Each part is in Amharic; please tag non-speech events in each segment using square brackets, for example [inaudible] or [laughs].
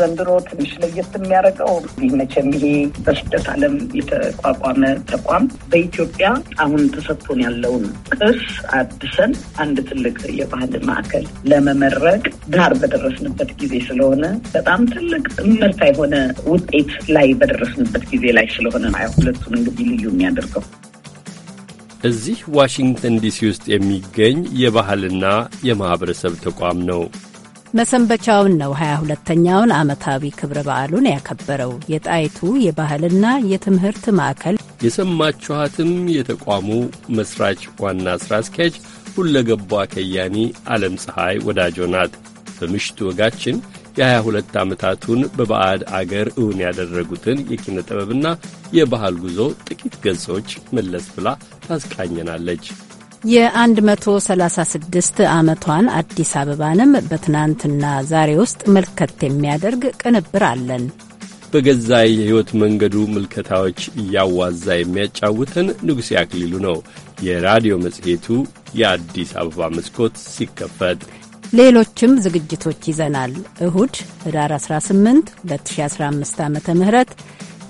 ዘንድሮ ትንሽ ለየት የሚያደርገው መቼም ይሄ በስደት ዓለም የተቋቋመ ተቋም በኢትዮጵያ አሁን ተሰጥቶን ያለውን ቅርስ አድሰን አንድ ትልቅ የባህል ማዕከል ለመመረቅ ዳር በደረስንበት ጊዜ ስለሆነ በጣም ትልቅ እመርታ የሆነ ውጤት ላይ በደረስንበት ጊዜ ላይ ስለሆነ ሁለቱን እንግዲህ ልዩ የሚያደርገው እዚህ ዋሽንግተን ዲሲ ውስጥ የሚገኝ የባህልና የማኅበረሰብ ተቋም ነው። መሰንበቻውን ነው 22ተኛውን ዓመታዊ ክብረ በዓሉን ያከበረው። የጣይቱ የባህልና የትምህርት ማዕከል የሰማችኋትም የተቋሙ መስራች ዋና ሥራ አስኪያጅ ሁለገቧ ከያኒ ዓለም ፀሐይ ወዳጆ ናት። በምሽቱ ወጋችን የ22 ዓመታቱን በባዕድ አገር እውን ያደረጉትን የኪነ ጥበብና የባህል ጉዞ ጥቂት ገጾች መለስ ብላ ታስቃኘናለች። የ136 ዓመቷን አዲስ አበባንም በትናንትና ዛሬ ውስጥ መልከት የሚያደርግ ቅንብር አለን። በገዛ የሕይወት መንገዱ ምልከታዎች እያዋዛ የሚያጫውተን ንጉሴ አክሊሉ ነው። የራዲዮ መጽሔቱ የአዲስ አበባ መስኮት ሲከፈት ሌሎችም ዝግጅቶች ይዘናል። እሁድ ህዳር 18 2015 ዓ ም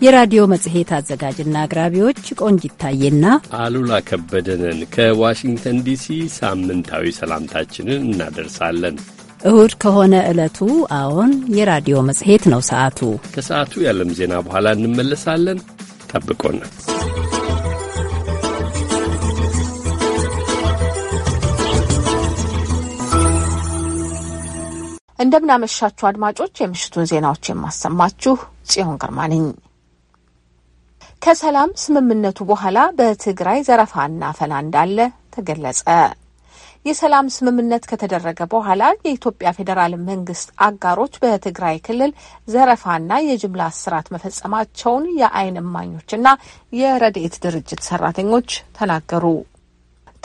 የራዲዮ መጽሔት አዘጋጅና አቅራቢዎች ቆንጅ ይታየና አሉላ ከበደንን ከዋሽንግተን ዲሲ ሳምንታዊ ሰላምታችንን እናደርሳለን። እሁድ ከሆነ ዕለቱ አዎን፣ የራዲዮ መጽሔት ነው። ሰዓቱ ከሰዓቱ የዓለም ዜና በኋላ እንመለሳለን። ጠብቆና እንደምናመሻችሁ አድማጮች፣ የምሽቱን ዜናዎች የማሰማችሁ ጽዮን ግርማ ነኝ። ከሰላም ስምምነቱ በኋላ በትግራይ ዘረፋና አፈና እንዳለ ተገለጸ። የሰላም ስምምነት ከተደረገ በኋላ የኢትዮጵያ ፌዴራል መንግስት አጋሮች በትግራይ ክልል ዘረፋና የጅምላ እስራት መፈጸማቸውን የዓይን እማኞችና የረድኤት ድርጅት ሰራተኞች ተናገሩ።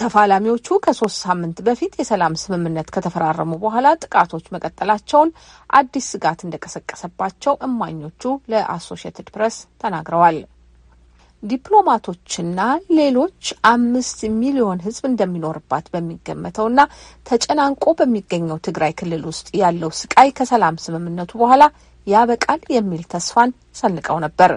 ተፋላሚዎቹ ከሶስት ሳምንት በፊት የሰላም ስምምነት ከተፈራረሙ በኋላ ጥቃቶች መቀጠላቸውን አዲስ ስጋት እንደቀሰቀሰባቸው እማኞቹ ለአሶሽየትድ ፕሬስ ተናግረዋል። ዲፕሎማቶችና ሌሎች አምስት ሚሊዮን ህዝብ እንደሚኖርባት በሚገመተውና ተጨናንቆ በሚገኘው ትግራይ ክልል ውስጥ ያለው ስቃይ ከሰላም ስምምነቱ በኋላ ያበቃል የሚል ተስፋን ሰንቀው ነበር።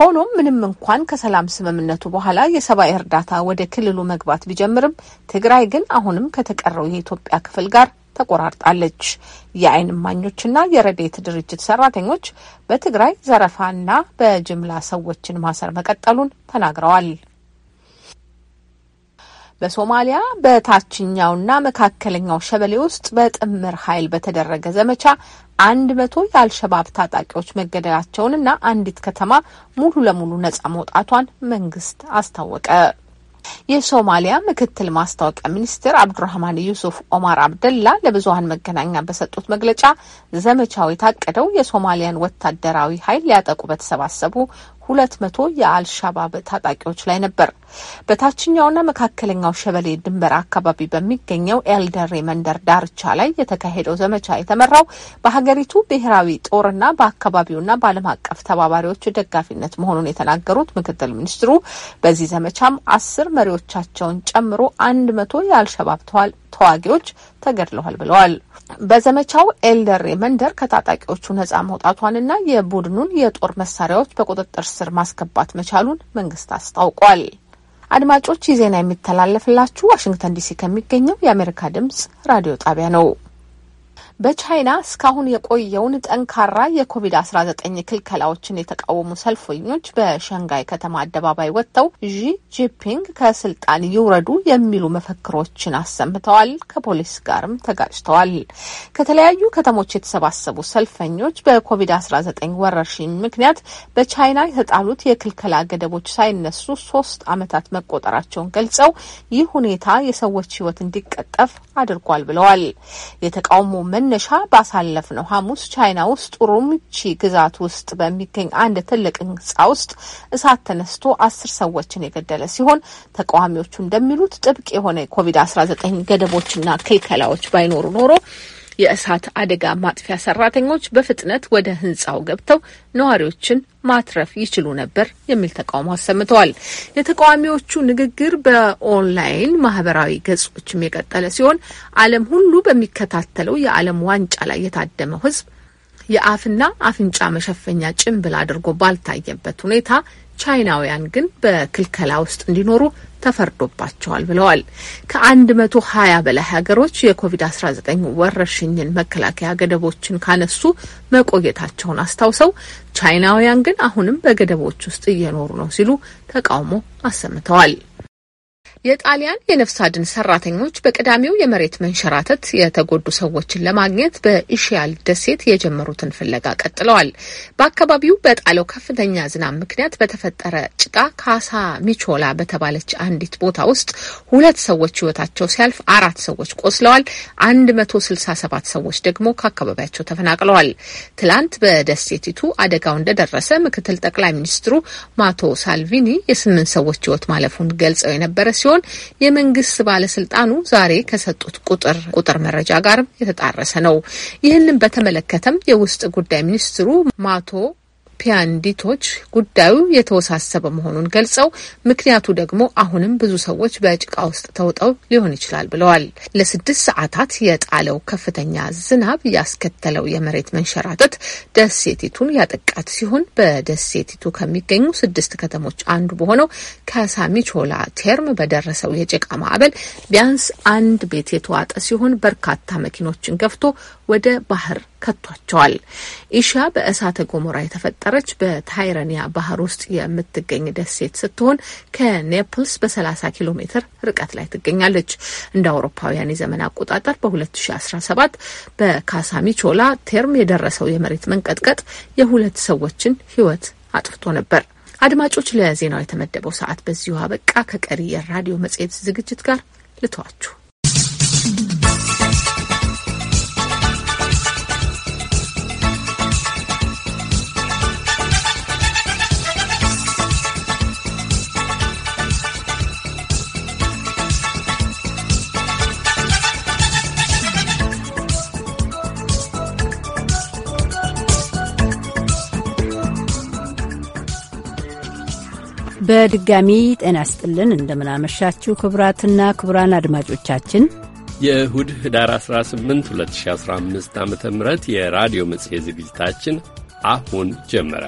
ሆኖም ምንም እንኳን ከሰላም ስምምነቱ በኋላ የሰብአዊ እርዳታ ወደ ክልሉ መግባት ቢጀምርም ትግራይ ግን አሁንም ከተቀረው የኢትዮጵያ ክፍል ጋር ተቆራርጣለች። የአይን እማኞችና የረዴት ድርጅት ሰራተኞች በትግራይ ዘረፋና በጅምላ ሰዎችን ማሰር መቀጠሉን ተናግረዋል። በሶማሊያ በታችኛውና መካከለኛው ሸበሌ ውስጥ በጥምር ኃይል በተደረገ ዘመቻ አንድ መቶ የአልሸባብ ታጣቂዎች መገደላቸውንና አንዲት ከተማ ሙሉ ለሙሉ ነጻ መውጣቷን መንግስት አስታወቀ። የሶማሊያ ምክትል ማስታወቂያ ሚኒስትር አብዱራህማን ዩሱፍ ኦማር አብደላ ለብዙሀን መገናኛ በሰጡት መግለጫ ዘመቻው የታቀደው የሶማሊያን ወታደራዊ ኃይል ሊያጠቁ በተሰባሰቡ ሁለት መቶ የአልሻባብ ታጣቂዎች ላይ ነበር። በታችኛውና መካከለኛው ሸበሌ ድንበር አካባቢ በሚገኘው ኤልደሬ መንደር ዳርቻ ላይ የተካሄደው ዘመቻ የተመራው በሀገሪቱ ብሔራዊ ጦርና በአካባቢውና በዓለም አቀፍ ተባባሪዎች ደጋፊነት መሆኑን የተናገሩት ምክትል ሚኒስትሩ በዚህ ዘመቻም አስር መሪዎቻቸውን ጨምሮ አንድ መቶ የአልሸባብ ተዋጊዎች ተገድለዋል ብለዋል። በዘመቻው ኤልደሬ መንደር ከታጣቂዎቹ ነጻ መውጣቷንና የቡድኑን የጦር መሳሪያዎች በቁጥጥር ስር ማስገባት መቻሉን መንግስት አስታውቋል። አድማጮች ይህ ዜና የሚተላለፍላችሁ ዋሽንግተን ዲሲ ከሚገኘው የአሜሪካ ድምጽ ራዲዮ ጣቢያ ነው። በቻይና እስካሁን የቆየውን ጠንካራ የኮቪድ-19 ክልከላዎችን የተቃወሙ ሰልፈኞች በሸንጋይ ከተማ አደባባይ ወጥተው ዢ ጂፒንግ ከስልጣን ይውረዱ የሚሉ መፈክሮችን አሰምተዋል። ከፖሊስ ጋርም ተጋጭተዋል። ከተለያዩ ከተሞች የተሰባሰቡ ሰልፈኞች በኮቪድ-19 ወረርሽኝ ምክንያት በቻይና የተጣሉት የክልከላ ገደቦች ሳይነሱ ሶስት ዓመታት መቆጠራቸውን ገልጸው ይህ ሁኔታ የሰዎች ሕይወት እንዲቀጠፍ አድርጓል ብለዋል። የተቃውሞ መን መነሻ ነው ሐሙስ ቻይና ውስጥ ሩምቺ ግዛት ውስጥ በሚገኝ አንድ ትልቅ ሕንጻ ውስጥ እሳት ተነስቶ አስር ሰዎችን የገደለ ሲሆን ተቃዋሚዎቹ እንደሚሉት ጥብቅ የሆነ የኮቪድ አስራ ዘጠኝ ገደቦችና ክልከላዎች ባይኖሩ ኖሮ የእሳት አደጋ ማጥፊያ ሰራተኞች በፍጥነት ወደ ህንጻው ገብተው ነዋሪዎችን ማትረፍ ይችሉ ነበር የሚል ተቃውሞ አሰምተዋል። የተቃዋሚዎቹ ንግግር በኦንላይን ማህበራዊ ገጾችም የቀጠለ ሲሆን ዓለም ሁሉ በሚከታተለው የዓለም ዋንጫ ላይ የታደመው ህዝብ የአፍና አፍንጫ መሸፈኛ ጭንብል አድርጎ ባልታየበት ሁኔታ ቻይናውያን ግን በክልከላ ውስጥ እንዲኖሩ ተፈርዶባቸዋል ብለዋል። ከ120 በላይ ሀገሮች የኮቪድ-19 ወረርሽኝን መከላከያ ገደቦችን ካነሱ መቆየታቸውን አስታውሰው ቻይናውያን ግን አሁንም በገደቦች ውስጥ እየኖሩ ነው ሲሉ ተቃውሞ አሰምተዋል። የጣሊያን የነፍስ አድን ሰራተኞች በቅዳሜው የመሬት መንሸራተት የተጎዱ ሰዎችን ለማግኘት በኢሽያል ደሴት የጀመሩትን ፍለጋ ቀጥለዋል። በአካባቢው በጣለው ከፍተኛ ዝናብ ምክንያት በተፈጠረ ጭቃ ካሳ ሚቾላ በተባለች አንዲት ቦታ ውስጥ ሁለት ሰዎች ሕይወታቸው ሲያልፍ አራት ሰዎች ቆስለዋል። አንድ መቶ ስልሳ ሰባት ሰዎች ደግሞ ከአካባቢያቸው ተፈናቅለዋል። ትላንት በደሴቲቱ አደጋው እንደደረሰ ምክትል ጠቅላይ ሚኒስትሩ ማቶ ሳልቪኒ የስምንት ሰዎች ሕይወት ማለፉን ገልጸው የነበረ ሲሆን ሲሆን የመንግስት ባለስልጣኑ ዛሬ ከሰጡት ቁጥር ቁጥር መረጃ ጋርም የተጣረሰ ነው። ይህንን በተመለከተም የውስጥ ጉዳይ ሚኒስትሩ ማቶ ፒያንዲቶች ጉዳዩ የተወሳሰበ መሆኑን ገልጸው ምክንያቱ ደግሞ አሁንም ብዙ ሰዎች በጭቃ ውስጥ ተውጠው ሊሆን ይችላል ብለዋል። ለስድስት ሰዓታት የጣለው ከፍተኛ ዝናብ ያስከተለው የመሬት መንሸራተት ደሴቲቱን ያጠቃት ሲሆን በደሴቲቱ ከሚገኙ ስድስት ከተሞች አንዱ በሆነው ከሳሚቾላ ቴርም በደረሰው የጭቃ ማዕበል ቢያንስ አንድ ቤት የተዋጠ ሲሆን በርካታ መኪኖችን ገፍቶ ወደ ባህር ከቷቸዋል። ኢሻ በእሳተ ገሞራ የተፈጠረች በታይረኒያ ባህር ውስጥ የምትገኝ ደሴት ስትሆን ከኔፕልስ በ30 ኪሎ ሜትር ርቀት ላይ ትገኛለች። እንደ አውሮፓውያን የዘመን አቆጣጠር በ2017 በካሳሚቾላ ቴርም የደረሰው የመሬት መንቀጥቀጥ የሁለት ሰዎችን ሕይወት አጥፍቶ ነበር። አድማጮች፣ ለዜናው የተመደበው ሰዓት በዚሁ አበቃ። ከቀሪ የራዲዮ መጽሔት ዝግጅት ጋር ልተዋችሁ። በድጋሚ ጤና ስጥልን እንደምናመሻችሁ ክቡራትና ክቡራን አድማጮቻችን የእሁድ ህዳር 18 2015 ዓ ም የራዲዮ መጽሔት ዝግጅታችን አሁን ጀመረ።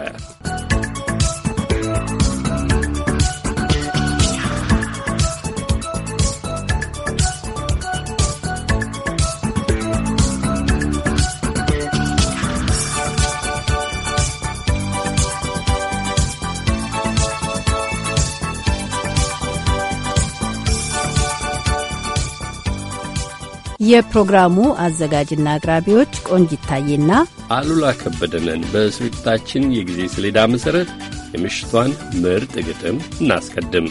የፕሮግራሙ አዘጋጅና አቅራቢዎች ቆንጂት ታዬና አሉላ ከበደነን። በስርጭታችን የጊዜ ሰሌዳ መሠረት የምሽቷን ምርጥ ግጥም እናስቀድም።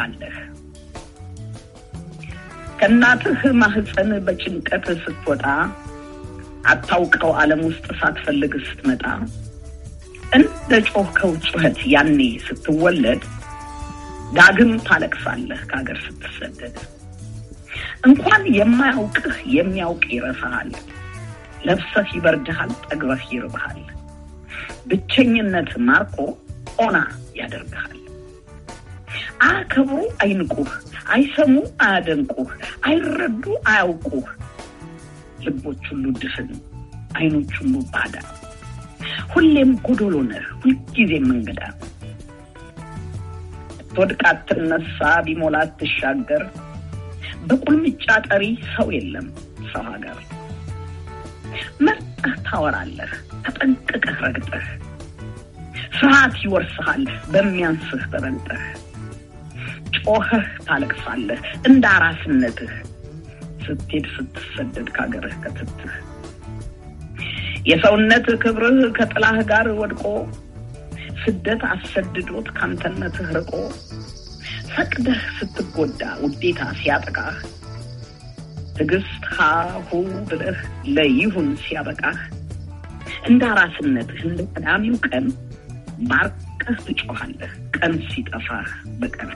ትሆናለህ። ከእናትህ ማህፀን በጭንቀት ስትወጣ አታውቀው ዓለም ውስጥ ሳትፈልግ ስትመጣ እንደ ጮህ ጩኸት ያኔ ስትወለድ ዳግም ታለቅሳለህ ከሀገር ስትሰደድ። እንኳን የማያውቅህ የሚያውቅ ይረሳሃል። ለብሰህ ይበርድሃል፣ ጠግበህ ይርብሃል። ብቸኝነት ማርኮ ኦና ያደርግሃል። አያከብሩ፣ አይንቁህ፣ አይሰሙ፣ አያደንቁህ፣ አይረዱ፣ አያውቁህ። ልቦች ሁሉ ድፍን፣ አይኖች ሁሉ ባዳ፣ ሁሌም ጎዶሎ ነህ፣ ሁልጊዜም እንግዳ። ብትወድቅ አትነሳ፣ ቢሞላ አትሻገር፣ በቁልምጫ ጠሪ ሰው የለም ሰው ሀገር። መርጠህ ታወራለህ፣ ተጠንቅቀህ ረግጠህ፣ ፍርሃት ይወርስሃል በሚያንስህ በበልጠህ ጮኸህ ታለቅሳለህ እንደ አራስነትህ ስትሄድ ስትሰደድ ከሀገርህ ከትትህ የሰውነት ክብርህ ከጥላህ ጋር ወድቆ ስደት አሰድዶት ካንተነትህ ርቆ ፈቅደህ ስትጎዳ ውዴታ ሲያጠቃህ ትዕግስት ሀሁ ብለህ ለይሁን ሲያበቃህ እንደ አራስነትህ እንደ ቀዳሚው ቀን ባርቀህ ትጮኻለህ ቀን ሲጠፋህ በቀን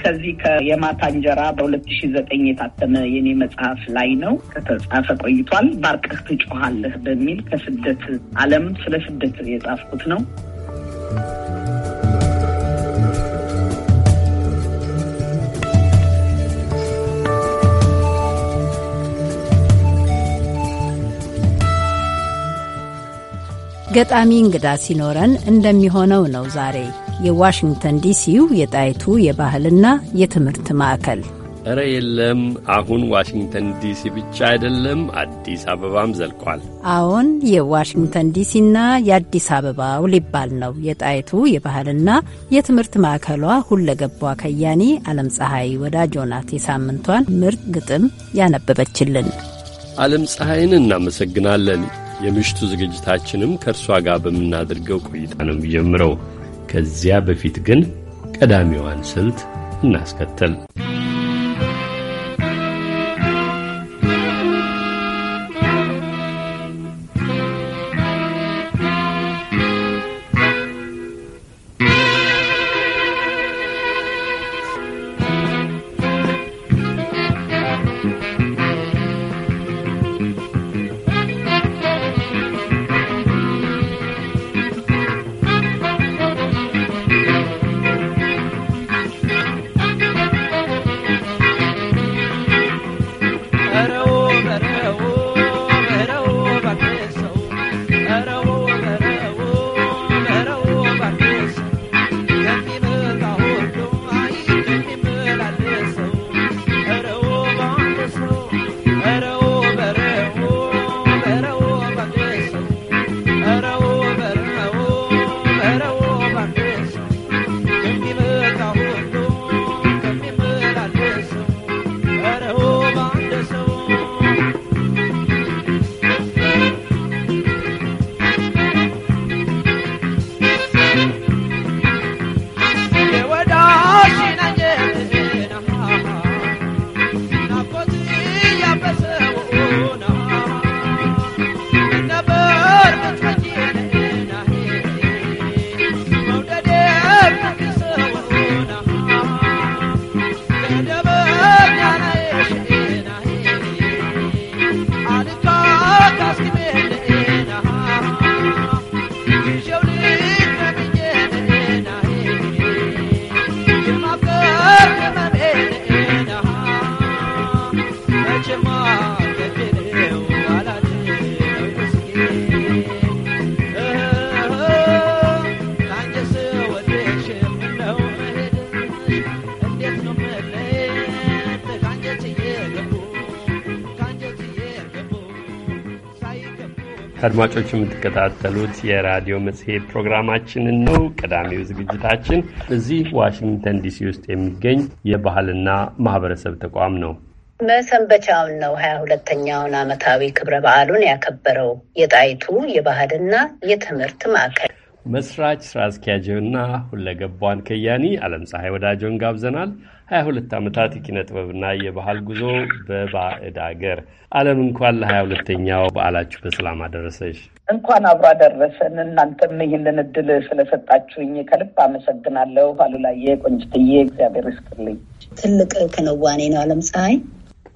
ከዚህ የማታ እንጀራ በሁለት ሺ ዘጠኝ የታተመ የኔ መጽሐፍ ላይ ነው ከተጻፈ ቆይቷል። ባርቀህ ትጮኋለህ በሚል ከስደት ዓለም ስለ ስደት የጻፍኩት ነው። አጋጣሚ እንግዳ ሲኖረን እንደሚሆነው ነው። ዛሬ የዋሽንግተን ዲሲው የጣይቱ የባህልና የትምህርት ማዕከል እረ የለም፣ አሁን ዋሽንግተን ዲሲ ብቻ አይደለም፣ አዲስ አበባም ዘልቋል። አዎን፣ የዋሽንግተን ዲሲና የአዲስ አበባው ሊባል ነው። የጣይቱ የባህልና የትምህርት ማዕከሏ ሁለገቧ ከያኒ ዓለም ፀሐይ ወዳጆ ናት። የሳምንቷን ምርጥ ግጥም ያነበበችልን ዓለም ፀሐይን እናመሰግናለን። የምሽቱ ዝግጅታችንም ከእርሷ ጋር በምናደርገው ቆይታ ነው የሚጀምረው። ከዚያ በፊት ግን ቀዳሚዋን ስልት እናስከተል። አድማጮች የምትከታተሉት የራዲዮ መጽሔት ፕሮግራማችንን ነው። ቀዳሚው ዝግጅታችን እዚህ ዋሽንግተን ዲሲ ውስጥ የሚገኝ የባህልና ማህበረሰብ ተቋም ነው። መሰንበቻውን ነው ሀያ ሁለተኛውን ዓመታዊ ክብረ በዓሉን ያከበረው የጣይቱ የባህልና የትምህርት ማዕከል መስራች ስራ አስኪያጅና ሁለገቧን ከያኒ አለም ፀሐይ ወዳጆን ጋብዘናል። 22 ሁለት ዓመታት የኪነ ጥበብና የባህል ጉዞ በባዕድ አገር ዓለም እንኳን 22 ተኛው በዓላችሁ በሰላም አደረሰች። እንኳን አብሮ አደረሰን። እናንተም ይህንን እድል ስለሰጣችሁኝ ከልብ አመሰግናለሁ። አሉላዬ፣ ቆንጅትዬ፣ እግዚአብሔር ይስጥልኝ። ትልቅ ክንዋኔ ነው ዓለም ፀሐይ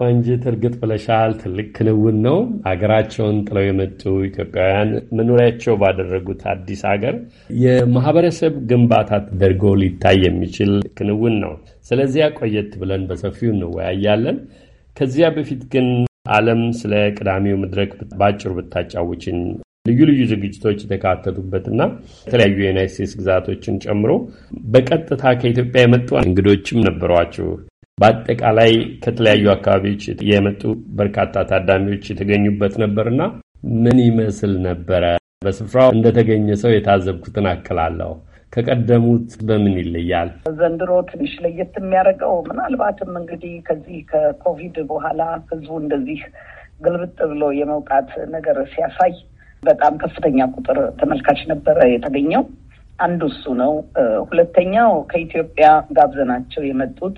ፈንጂ ትርግጥ ብለሻል። ትልቅ ክንውን ነው። ሀገራቸውን ጥለው የመጡ ኢትዮጵያውያን መኖሪያቸው ባደረጉት አዲስ ሀገር የማህበረሰብ ግንባታ ተደርጎ ሊታይ የሚችል ክንውን ነው። ስለዚያ ቆየት ብለን በሰፊው እንወያያለን። ከዚያ በፊት ግን ዓለም ስለ ቅዳሜው መድረክ በጭሩ ብታጫውችን ልዩ ልዩ ዝግጅቶች የተካተቱበትና የተለያዩ የዩናይት ስቴትስ ግዛቶችን ጨምሮ በቀጥታ ከኢትዮጵያ የመጡ እንግዶችም ነበሯችሁ። በአጠቃላይ ከተለያዩ አካባቢዎች የመጡ በርካታ ታዳሚዎች የተገኙበት ነበርና ምን ይመስል ነበረ? በስፍራው እንደተገኘ ሰው የታዘብኩትን አክላለሁ። ከቀደሙት በምን ይለያል? ዘንድሮ ትንሽ ለየት የሚያደርገው ምናልባትም እንግዲህ ከዚህ ከኮቪድ በኋላ ህዝቡ እንደዚህ ግልብጥ ብሎ የመውጣት ነገር ሲያሳይ በጣም ከፍተኛ ቁጥር ተመልካች ነበረ የተገኘው። አንዱ እሱ ነው። ሁለተኛው ከኢትዮጵያ ጋብዘናቸው የመጡት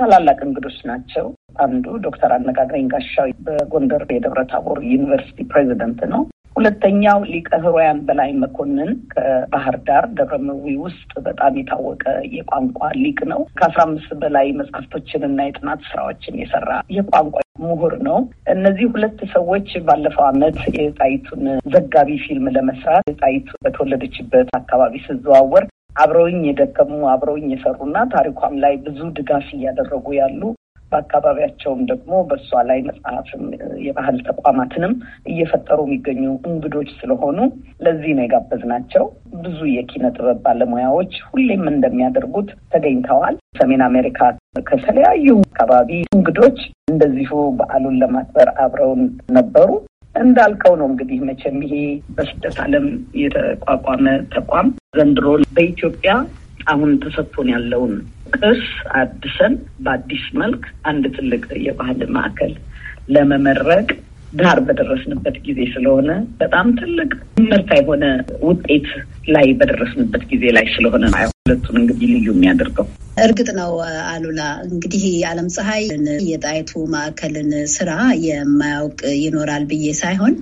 ታላላቅ እንግዶች ናቸው። አንዱ ዶክተር አነጋግረኝ ጋሻው በጎንደር የደብረ ታቦር ዩኒቨርሲቲ ፕሬዚደንት ነው። ሁለተኛው ሊቀ ህሮያን በላይ መኮንን ከባህር ዳር ደብረ ምዊ ውስጥ በጣም የታወቀ የቋንቋ ሊቅ ነው። ከአስራ አምስት በላይ መጽሐፍቶችንና የጥናት ስራዎችን የሰራ የቋንቋ ምሁር ነው። እነዚህ ሁለት ሰዎች ባለፈው ዓመት የጣይቱን ዘጋቢ ፊልም ለመስራት ጣይቱ በተወለደችበት አካባቢ ስዘዋወር አብረውኝ የደከሙ አብረውኝ የሰሩና ታሪኳም ላይ ብዙ ድጋፍ እያደረጉ ያሉ በአካባቢያቸውም ደግሞ በእሷ ላይ መጽሐፍም የባህል ተቋማትንም እየፈጠሩ የሚገኙ እንግዶች ስለሆኑ ለዚህ ነው ናቸው። ብዙ የኪነ ጥበብ ባለሙያዎች ሁሌም እንደሚያደርጉት ተገኝተዋል። ሰሜን አሜሪካ ከተለያዩ አካባቢ እንግዶች እንደዚሁ በዓሉን ለማክበር አብረውን ነበሩ። እንዳልከው ነው እንግዲህ መቼም ይሄ በስደት ዓለም የተቋቋመ ተቋም ዘንድሮ በኢትዮጵያ አሁን ተሰጥቶን ያለውን ቅርስ አድሰን በአዲስ መልክ አንድ ትልቅ የባህል ማዕከል ለመመረቅ ዳር በደረስንበት ጊዜ ስለሆነ በጣም ትልቅ ምርታ የሆነ ውጤት ላይ በደረስንበት ጊዜ ላይ ስለሆነ ሁለቱን እንግዲህ ልዩ የሚያደርገው እርግጥ ነው አሉላ እንግዲህ የዓለም ፀሐይ የጣይቱ ማዕከልን ስራ የማያውቅ ይኖራል ብዬ ሳይሆን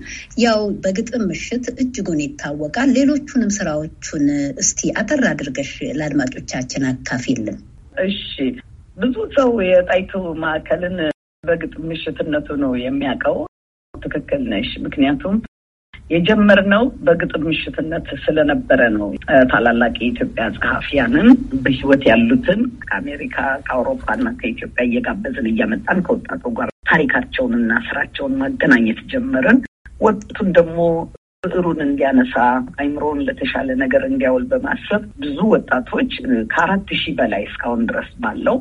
ያው በግጥም ምሽት እጅጉን ይታወቃል። ሌሎቹንም ስራዎቹን እስቲ አጠር አድርገሽ ለአድማጮቻችን አካፊልን። እሺ፣ ብዙ ሰው የጣይቱ ማዕከልን በግጥም ምሽትነቱ ነው የሚያውቀው። ትክክል ነሽ። ምክንያቱም የጀመርነው በግጥም ምሽትነት ስለነበረ ነው። ታላላቅ የኢትዮጵያ ጸሐፊያንን በህይወት ያሉትን ከአሜሪካ ከአውሮፓና ከኢትዮጵያ እየጋበዝን እያመጣን ከወጣቱ ጋር ታሪካቸውንና ስራቸውን ማገናኘት ጀመርን። ወጡን ደግሞ ብዕሩን እንዲያነሳ አይምሮውን ለተሻለ ነገር እንዲያውል በማሰብ ብዙ ወጣቶች ከአራት ሺህ በላይ እስካሁን ድረስ ባለው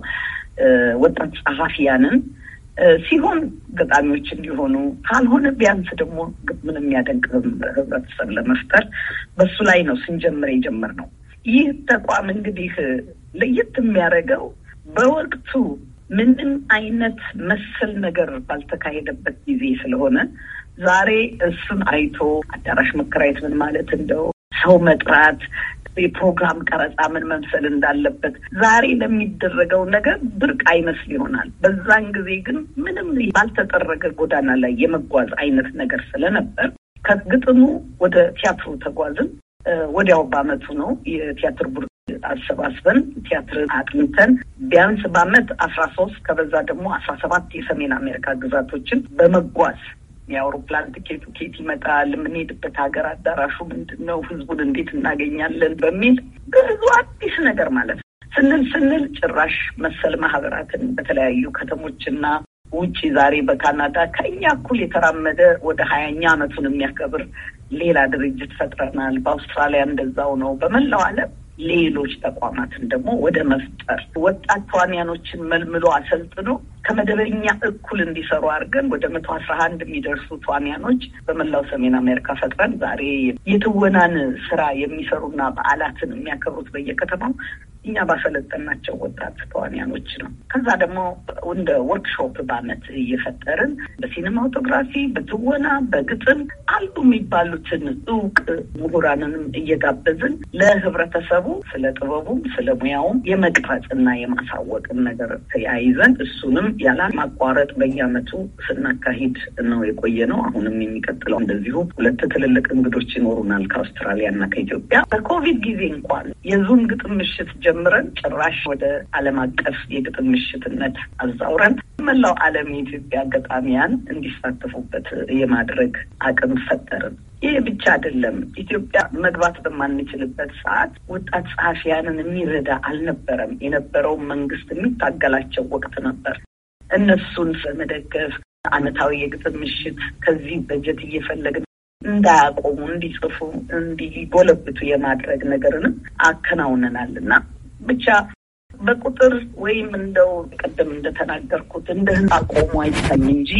ወጣት ጸሐፊያንን ሲሆን ገጣሚዎች እንዲሆኑ ካልሆነ ቢያንስ ደግሞ ግጥምን የሚያደንቅ ህብረተሰብ ለመፍጠር በሱ ላይ ነው ስንጀምር ነው። ይህ ተቋም እንግዲህ ለየት የሚያደርገው በወቅቱ ምንም አይነት መሰል ነገር ባልተካሄደበት ጊዜ ስለሆነ ዛሬ እሱን አይቶ አዳራሽ መከራየት ምን ማለት እንደው ሰው መጥራት የፕሮግራም ቀረጻ ምን መምሰል እንዳለበት ዛሬ ለሚደረገው ነገር ብርቅ አይመስል ይሆናል። በዛን ጊዜ ግን ምንም ባልተጠረገ ጎዳና ላይ የመጓዝ አይነት ነገር ስለነበር ከግጥሙ ወደ ቲያትሩ ተጓዝን። ወዲያው በአመቱ ነው የቲያትር ቡድን አሰባስበን ቲያትርን አቅንተን ቢያንስ በአመት አስራ ሶስት ከበዛ ደግሞ አስራ ሰባት የሰሜን አሜሪካ ግዛቶችን በመጓዝ የአውሮፕላን ትኬቱ ኬት ይመጣል፣ የምንሄድበት ሀገር አዳራሹ ምንድን ነው፣ ህዝቡን እንዴት እናገኛለን በሚል ብዙ አዲስ ነገር ማለት ነው ስንል ስንል ጭራሽ መሰል ማህበራትን በተለያዩ ከተሞችና ውጭ ዛሬ በካናዳ ከእኛ እኩል የተራመደ ወደ ሀያኛ አመቱን የሚያከብር ሌላ ድርጅት ፈጥረናል። በአውስትራሊያ እንደዛው ነው። በመላው ዓለም ሌሎች ተቋማትን ደግሞ ወደ መፍጠር ወጣት ተዋንያኖችን መልምሎ አሰልጥኖ ከመደበኛ እኩል እንዲሰሩ አድርገን ወደ መቶ አስራ አንድ የሚደርሱ ተዋንያኖች በመላው ሰሜን አሜሪካ ፈጥረን ዛሬ የትወናን ስራ የሚሰሩና በዓላትን የሚያከብሩት በየከተማው እኛ ባሰለጠናቸው ወጣት ተዋንያኖች ነው። ከዛ ደግሞ እንደ ወርክሾፕ በአመት እየፈጠርን በሲኒማቶግራፊ፣ በትወና፣ በግጥም አሉ የሚባሉትን እውቅ ምሁራንንም እየጋበዝን ለህብረተሰቡ ስለ ጥበቡም ስለ ሙያውም የመቅረጽና የማሳወቅን ነገር ተያይዘን እሱንም ያለ ማቋረጥ በየአመቱ ስናካሂድ ነው የቆየ ነው። አሁንም የሚቀጥለው እንደዚሁ ሁለት ትልልቅ እንግዶች ይኖሩናል ከአውስትራሊያ እና ከኢትዮጵያ። በኮቪድ ጊዜ እንኳን የዙም ግጥም ምሽት ጀምረን ጭራሽ ወደ ዓለም አቀፍ የግጥም ምሽትነት አዛውረን መላው ዓለም የኢትዮጵያ ገጣሚያን እንዲሳተፉበት የማድረግ አቅም ፈጠርን። ይህ ብቻ አይደለም። ኢትዮጵያ መግባት በማንችልበት ሰዓት ወጣት ጸሐፊያንን የሚረዳ አልነበረም። የነበረው መንግስት የሚታገላቸው ወቅት ነበር። እነሱን መደገፍ አመታዊ የግጥም ምሽት ከዚህ በጀት እየፈለግን እንዳያቆሙ እንዲጽፉ እንዲጎለብቱ የማድረግ ነገርንም አከናውነናል እና ብቻ በቁጥር ወይም እንደው ቅድም እንደተናገርኩት እንደ ህንፃ ቆሞ እንጂ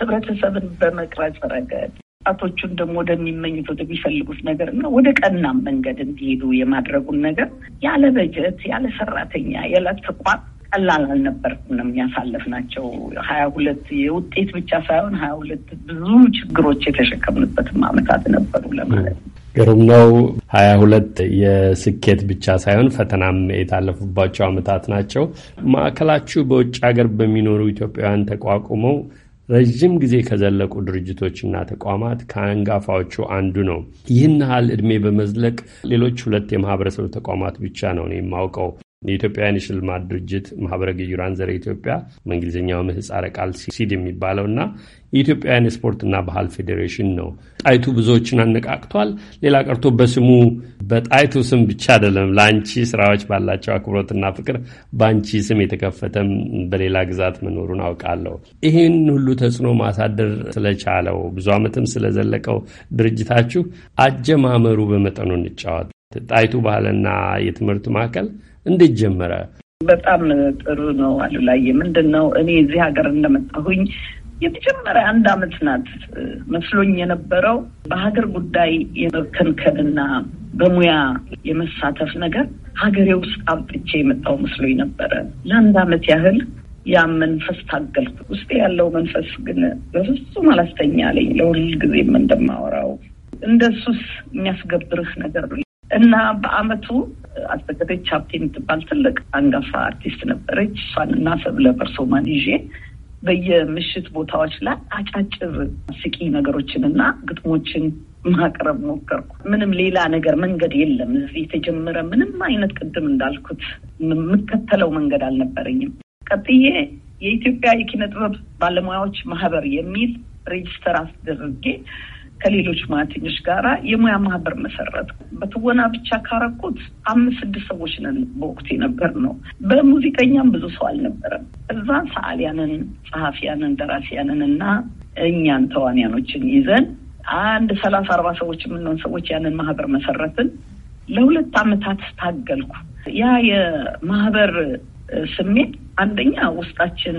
ህብረተሰብን በመቅረጽ ረገድ ወጣቶቹን ደግሞ ወደሚመኙት ወደሚፈልጉት ነገር እና ወደ ቀናም መንገድ እንዲሄዱ የማድረጉን ነገር ያለ በጀት ያለ ሰራተኛ ያለ ተቋም ቀላል አልነበርኩም ነው የሚያሳልፍ ናቸው። ሀያ ሁለት የውጤት ብቻ ሳይሆን ሀያ ሁለት ብዙ ችግሮች የተሸከምንበትም አመታት ነበሩ ለማለት ነው። ግሩም ነው። ሀያ ሁለት የስኬት ብቻ ሳይሆን ፈተናም የታለፉባቸው አመታት ናቸው። ማዕከላችሁ በውጭ ሀገር በሚኖሩ ኢትዮጵያውያን ተቋቁመው ረዥም ጊዜ ከዘለቁ ድርጅቶችና ተቋማት ከአንጋፋዎቹ አንዱ ነው። ይህን ያህል እድሜ በመዝለቅ ሌሎች ሁለት የማህበረሰብ ተቋማት ብቻ ነው የማውቀው። የኢትዮጵያውያን የሽልማት ድርጅት ማህበረ ግዩራን ዘረ ኢትዮጵያ በእንግሊዝኛው ምህጻረ ቃል ሲድ የሚባለው እና የኢትዮጵያውያን የስፖርትና ባህል ፌዴሬሽን ነው። ጣይቱ ብዙዎችን አነቃቅቷል። ሌላ ቀርቶ በስሙ በጣይቱ ስም ብቻ አይደለም፣ ለአንቺ ስራዎች ባላቸው አክብሮትና ፍቅር በአንቺ ስም የተከፈተም በሌላ ግዛት መኖሩን አውቃለሁ። ይህን ሁሉ ተጽዕኖ ማሳደር ስለቻለው ብዙ ዓመትም ስለዘለቀው ድርጅታችሁ አጀማመሩ በመጠኑ እንጫወት። ጣይቱ ባህልና የትምህርት ማዕከል እንዴት ጀመረ? በጣም ጥሩ ነው አሉላዬ። ምንድን ነው እኔ እዚህ ሀገር እንደመጣሁኝ የመጀመሪያ አንድ አመት ናት መስሎኝ የነበረው በሀገር ጉዳይ የመከንከንና በሙያ የመሳተፍ ነገር ሀገሬ ውስጥ አምጥቼ የመጣው መስሎኝ ነበረ። ለአንድ አመት ያህል ያ መንፈስ ታገልኩ። ውስጤ ያለው መንፈስ ግን በፍጹም አላስተኛ አለኝ። ለሁል ጊዜም እንደማወራው እንደሱስ የሚያስገብርህ ነገር እና በአመቱ አስተገደች ሀብቴ የምትባል ትልቅ አንጋፋ አርቲስት ነበረች። እና ሰብለ ፐርሶማን ይዤ በየምሽት ቦታዎች ላይ አጫጭር ስቂ ነገሮችንና ግጥሞችን ማቅረብ ሞከርኩ። ምንም ሌላ ነገር መንገድ የለም። እዚህ የተጀመረ ምንም አይነት ቅድም እንዳልኩት የምከተለው መንገድ አልነበረኝም። ቀጥዬ የኢትዮጵያ የኪነ ጥበብ ባለሙያዎች ማህበር የሚል ሬጅስተር አስደርጌ ከሌሎች ሙያተኞች ጋር የሙያ ማህበር መሰረት። በትወና ብቻ ካረኩት አምስት ስድስት ሰዎች ነን በወቅቱ የነበር ነው። በሙዚቀኛም ብዙ ሰው አልነበረም። እዛ ሰዓሊያንን፣ ጸሐፊያንን፣ ደራሲያንን እና እኛን ተዋንያኖችን ይዘን አንድ ሰላሳ አርባ ሰዎች የምንሆን ሰዎች ያንን ማህበር መሰረትን። ለሁለት አመታት ታገልኩ። ያ የማህበር ስሜት አንደኛ ውስጣችን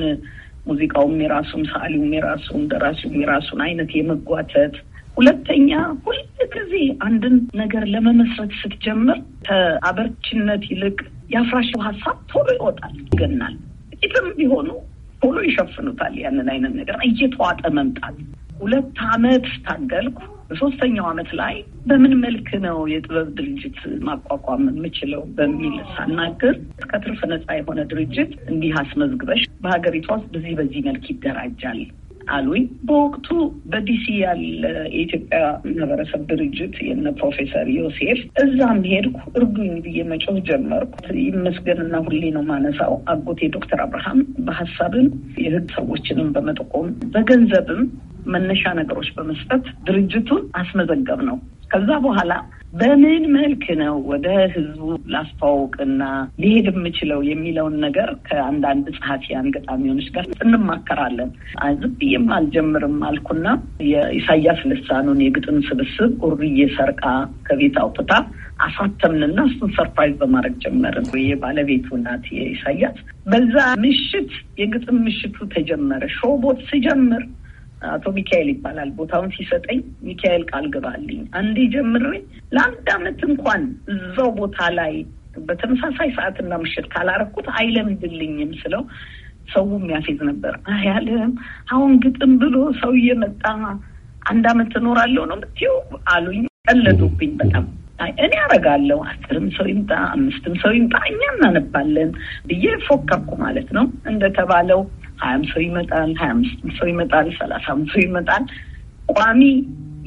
ሙዚቃውም የራሱም ሰዓሊውም የራሱም ደራሲውም የራሱን አይነት የመጓተት ሁለተኛ ሁል ጊዜ አንድን ነገር ለመመስረት ስትጀምር ከአበርችነት ይልቅ የአፍራሽው ሀሳብ ቶሎ ይወጣል፣ ይገናል። ጥቂትም ቢሆኑ ቶሎ ይሸፍኑታል። ያንን አይነት ነገር እየተዋጠ መምጣት። ሁለት አመት ታገልኩ። በሶስተኛው አመት ላይ በምን መልክ ነው የጥበብ ድርጅት ማቋቋም የምችለው በሚል ሳናግር ከትርፍ ነፃ የሆነ ድርጅት እንዲህ አስመዝግበሽ በሀገሪቷ ውስጥ በዚህ በዚህ መልክ ይደራጃል አሉኝ። በወቅቱ በዲሲ ያለ የኢትዮጵያ ማህበረሰብ ድርጅት የነ ፕሮፌሰር ዮሴፍ እዛም ሄድኩ። እርዱኝ ብዬ መጮህ ጀመርኩ። ይመስገንና ሁሌ ነው ማነሳው አጎቴ ዶክተር አብርሃም በሀሳብም የህግ ሰዎችንም በመጠቆም በገንዘብም መነሻ ነገሮች በመስጠት ድርጅቱን አስመዘገብ ነው። ከዛ በኋላ በምን መልክ ነው ወደ ህዝቡ ላስተዋውቅና ሊሄድ የምችለው የሚለውን ነገር ከአንዳንድ ጸሐፊያን ገጣሚዎች ጋር እንማከራለን። ዝም ብዬም አልጀምርም አልኩና የኢሳያስ ልሳኑን የግጥም ስብስብ ቁርዬ ሰርቃ ከቤት አውጥታ አሳተምንና እሱን ሰርፕራይዝ በማድረግ ጀመርን። የባለቤቱ ናት የኢሳያስ። በዛ ምሽት የግጥም ምሽቱ ተጀመረ። ሾቦት ስጀምር አቶ ሚካኤል ይባላል። ቦታውን ሲሰጠኝ ሚካኤል ቃል ግባልኝ፣ አንዴ ጀምሬ ለአንድ አመት እንኳን እዛው ቦታ ላይ በተመሳሳይ ሰዓትና ምሽት ካላረኩት አይለምድልኝም ስለው ሰው የሚያፌዝ ነበር። አያለም አሁን ግጥም ብሎ ሰው እየመጣ አንድ አመት እኖራለሁ ነው የምትይው አሉኝ። ቀለዱብኝ በጣም እኔ አረጋለሁ አስርም ሰው ይምጣ አምስትም ሰው ይምጣ እኛ እናነባለን ብዬ ፎከርኩ ማለት ነው። እንደተባለው ሀያም ሰው ይመጣል፣ ሀያ አምስትም ሰው ይመጣል፣ ሰላሳም ሰው ይመጣል። ቋሚ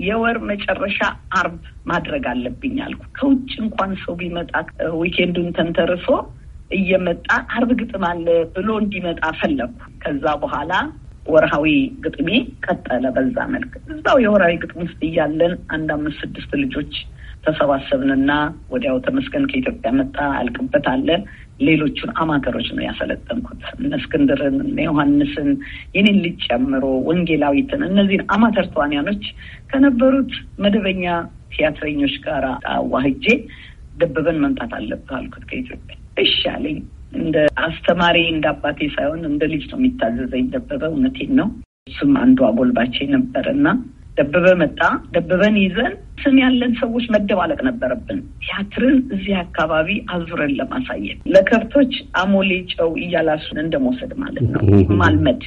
የወር መጨረሻ አርብ ማድረግ አለብኝ አልኩ። ከውጭ እንኳን ሰው ቢመጣ ዊኬንዱን ተንተርሶ እየመጣ አርብ ግጥም አለ ብሎ እንዲመጣ ፈለግኩ። ከዛ በኋላ ወርሃዊ ግጥሜ ቀጠለ። በዛ መልክ እዛው የወርሃዊ ግጥም ውስጥ እያለን አንድ አምስት ስድስት ልጆች ተሰባሰብንና ወዲያው ተመስገን ከኢትዮጵያ መጣ አልቅበት አለ ሌሎቹን አማተሮች ነው ያሰለጠንኩት። እነ እስክንድርን፣ እነ ዮሐንስን፣ የኔን ልጅ ጨምሮ ወንጌላዊትን፣ እነዚህን አማተር ተዋንያኖች ከነበሩት መደበኛ ቲያትረኞች ጋር አዋህጄ ደበበን መምጣት አለብህ አልኩት ከኢትዮጵያ። እሺ አለኝ። እንደ አስተማሪ እንደ አባቴ ሳይሆን እንደ ልጅ ነው የሚታዘዘኝ ደበበ። እውነቴን ነው። እሱም አንዱ አጎልባቼ ነበር እና ደበበ መጣ። ደበበን ይዘን ስም ያለን ሰዎች መደባለቅ ነበረብን። ቲያትርን እዚህ አካባቢ አዙረን ለማሳየት ለከብቶች አሞሌ ጨው እያላሱን እንደመውሰድ ማለት ነው ማልመድ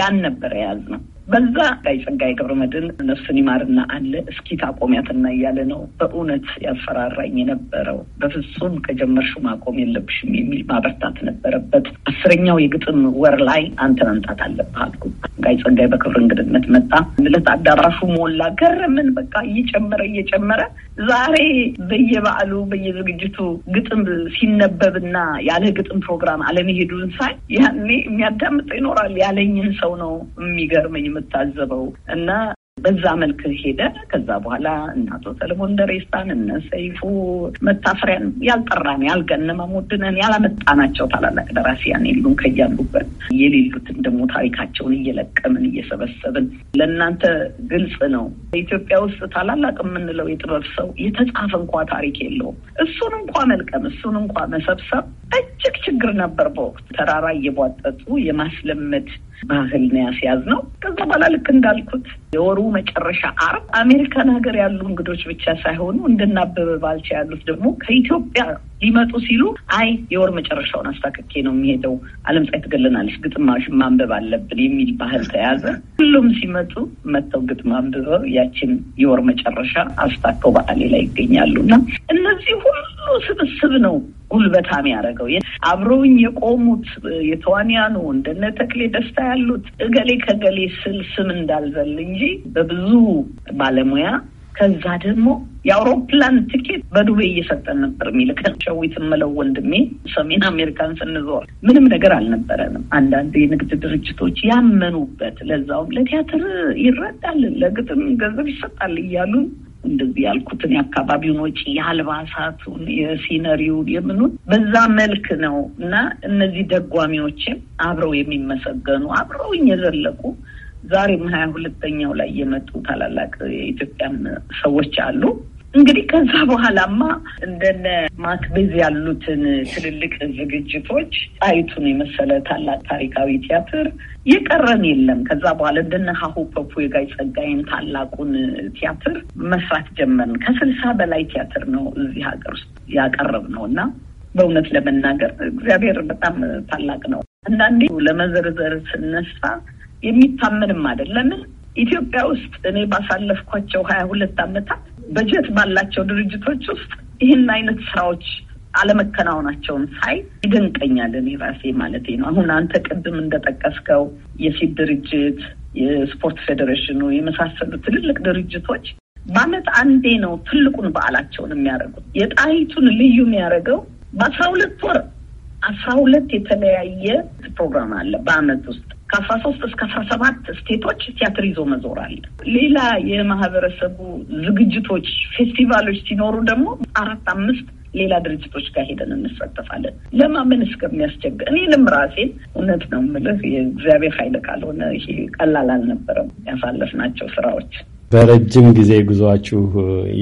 ያን ነበረ የያዝነው። በዛ ላይ ጸጋዬ መድን ነፍስን ይማርና አለ እስኪ ታቆሚያትና እያለ ነው በእውነት ያስፈራራኝ የነበረው። በፍጹም ከጀመርሽው ማቆም የለብሽም የሚል ማበርታት ነበረበት። አስረኛው የግጥም ወር ላይ አንተ መምጣት አለብህ አልኩ። ጋይ ጸጋዬ በክብር እንግድነት መጣ። ምለት አዳራሹ ሞላ። ገረምን። በቃ እየጨመረ እየጨመረ ዛሬ በየበዓሉ በየዝግጅቱ ግጥም ሲነበብና ያለ ግጥም ፕሮግራም አለመሄዱን ሳይ ያኔ የሚያዳምጥ ይኖራል ያለኝን ሰው ነው የሚገርመኝ የምታዘበው እና በዛ መልክ ሄደ። ከዛ በኋላ እናቶ ሰለሞን ደሬሳን እነ ሰይፉ መታፈሪያን ያልጠራን ያላመጣ ናቸው ታላላቅ ደራሲያን የሉም። ከያሉበት የሌሉትን ደግሞ ታሪካቸውን እየለቀምን እየሰበሰብን ለእናንተ ግልጽ ነው። ኢትዮጵያ ውስጥ ታላላቅ የምንለው የጥበብ ሰው የተጻፈ እንኳ ታሪክ የለውም። እሱን እንኳ መልቀም፣ እሱን እንኳ መሰብሰብ እጅግ ችግር ነበር። በወቅት ተራራ እየቧጠጡ የማስለመድ ባህል ነው ያስያዝ ነው። ከዛ በኋላ ልክ እንዳልኩት የወሩ መጨረሻ አርብ አሜሪካን ሀገር ያሉ እንግዶች ብቻ ሳይሆኑ እንደናበበ ባልቻ ያሉት ደግሞ ከኢትዮጵያ ሊመጡ ሲሉ አይ የወር መጨረሻውን አስታክኬ ነው የሚሄደው፣ አለም ጻይ ትገለናለች፣ ግጥማሽ ማንበብ አለብን የሚል ባህል ተያዘ። ሁሉም ሲመጡ መጥተው ግጥም አንብበው ያችን የወር መጨረሻ አስታከው በዓሌ ላይ ይገኛሉ እና እነዚህ ሁሉ ስብስብ ነው ጉልበታም ያደረገው አብረውኝ የቆሙት የተዋንያኑ እንደነ ተክሌ ደስታ ያሉት እገሌ ከገሌ ስል ስም እንዳልዘል እንጂ በብዙ ባለሙያ ከዛ ደግሞ የአውሮፕላን ትኬት በዱቤ እየሰጠን ነበር የሚልከን ሸዊት እምለው ወንድሜ ሰሜን አሜሪካን ስንዞር ምንም ነገር አልነበረንም። አንዳንድ የንግድ ድርጅቶች ያመኑበት ለዛውም ለቲያትር ይረዳል፣ ለግጥም ገንዘብ ይሰጣል እያሉ እንደዚህ ያልኩትን የአካባቢውን ወጪ የአልባሳቱን፣ የሲነሪውን፣ የምኑን በዛ መልክ ነው እና እነዚህ ደጓሚዎችም አብረው የሚመሰገኑ አብረውኝ የዘለቁ ዛሬም ሀያ ሁለተኛው ላይ የመጡ ታላላቅ የኢትዮጵያን ሰዎች አሉ። እንግዲህ ከዛ በኋላማ እንደነ ማክቤዝ ያሉትን ትልልቅ ዝግጅቶች፣ ጣይቱን የመሰለ ታላቅ ታሪካዊ ቲያትር የቀረን የለም። ከዛ በኋላ እንደነ ሀሁ ፐፑ የጋይ ጸጋይን ታላቁን ቲያትር መስራት ጀመርን። ከስልሳ በላይ ቲያትር ነው እዚህ ሀገር ውስጥ ያቀረብ ነው እና በእውነት ለመናገር እግዚአብሔር በጣም ታላቅ ነው። አንዳንዴ ለመዘርዘር ስነሳ የሚታመንም አይደል። ለምን ኢትዮጵያ ውስጥ እኔ ባሳለፍኳቸው ሀያ ሁለት ዓመታት በጀት ባላቸው ድርጅቶች ውስጥ ይህን አይነት ስራዎች አለመከናወናቸውን ሳይ ይደንቀኛል። እኔ ራሴ ማለት ነው። አሁን አንተ ቅድም እንደጠቀስከው የሴት ድርጅት፣ የስፖርት ፌዴሬሽኑ የመሳሰሉ ትልልቅ ድርጅቶች በአመት አንዴ ነው ትልቁን በዓላቸውን የሚያደርጉት። የጣይቱን ልዩ የሚያደርገው በአስራ ሁለት ወር አስራ ሁለት የተለያየ ፕሮግራም አለ በዓመት ውስጥ ከአስራ ሶስት እስከ አስራ ሰባት ስቴቶች ቲያትር ይዞ መዞር አለ። ሌላ የማህበረሰቡ ዝግጅቶች፣ ፌስቲቫሎች ሲኖሩ ደግሞ አራት አምስት ሌላ ድርጅቶች ጋር ሄደን እንሳተፋለን። ለማመን እስከሚያስቸግር እኔንም ራሴን እውነት ነው የምልህ የእግዚአብሔር ኃይል ካልሆነ ይሄ ቀላል አልነበረም ያሳለፍናቸው ስራዎች። በረጅም ጊዜ ጉዟችሁ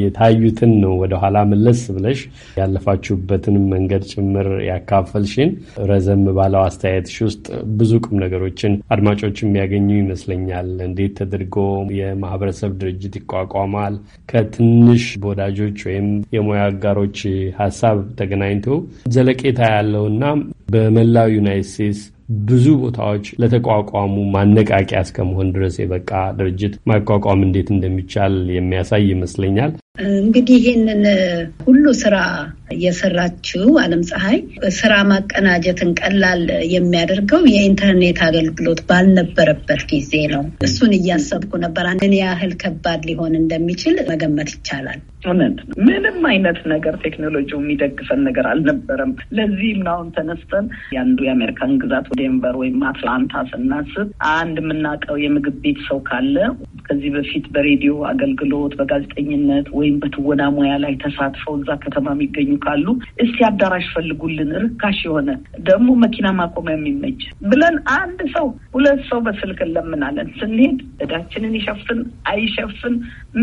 የታዩትን ነው ወደኋላ መለስ ብለሽ ያለፋችሁበትን መንገድ ጭምር ያካፈልሽን ረዘም ባለው አስተያየትሽ ውስጥ ብዙ ቁም ነገሮችን አድማጮች የሚያገኙ ይመስለኛል። እንዴት ተደርጎ የማህበረሰብ ድርጅት ይቋቋማል? ከትንሽ በወዳጆች ወይም የሙያ አጋሮች ሀሳብ ተገናኝቶ ዘለቄታ ያለውና በመላው ዩናይት ስቴትስ ብዙ ቦታዎች ለተቋቋሙ ማነቃቂያ እስከመሆን ድረስ የበቃ ድርጅት ማቋቋም እንዴት እንደሚቻል የሚያሳይ ይመስለኛል። እንግዲህ ይህንን ሁሉ ስራ የሰራችው አለም ፀሐይ ስራ ማቀናጀትን ቀላል የሚያደርገው የኢንተርኔት አገልግሎት ባልነበረበት ጊዜ ነው። እሱን እያሰብኩ ነበር። ምን ያህል ከባድ ሊሆን እንደሚችል መገመት ይቻላል። እውነት ነው። ምንም አይነት ነገር ቴክኖሎጂው የሚደግፈን ነገር አልነበረም። ለዚህም አሁን ተነስተን የአንዱ የአሜሪካን ግዛት ዴንቨር ወይም አትላንታ ስናስብ አንድ የምናውቀው የምግብ ቤት ሰው ካለ ከዚህ በፊት በሬዲዮ አገልግሎት በጋዜጠኝነት ወይም በትወና ሙያ ላይ ተሳትፈው እዛ ከተማ የሚገኙ ካሉ እስቲ አዳራሽ ፈልጉልን፣ ርካሽ የሆነ ደግሞ መኪና ማቆሚያ የሚመች ብለን አንድ ሰው ሁለት ሰው በስልክ እንለምናለን። ስንሄድ እዳችንን ይሸፍን አይሸፍን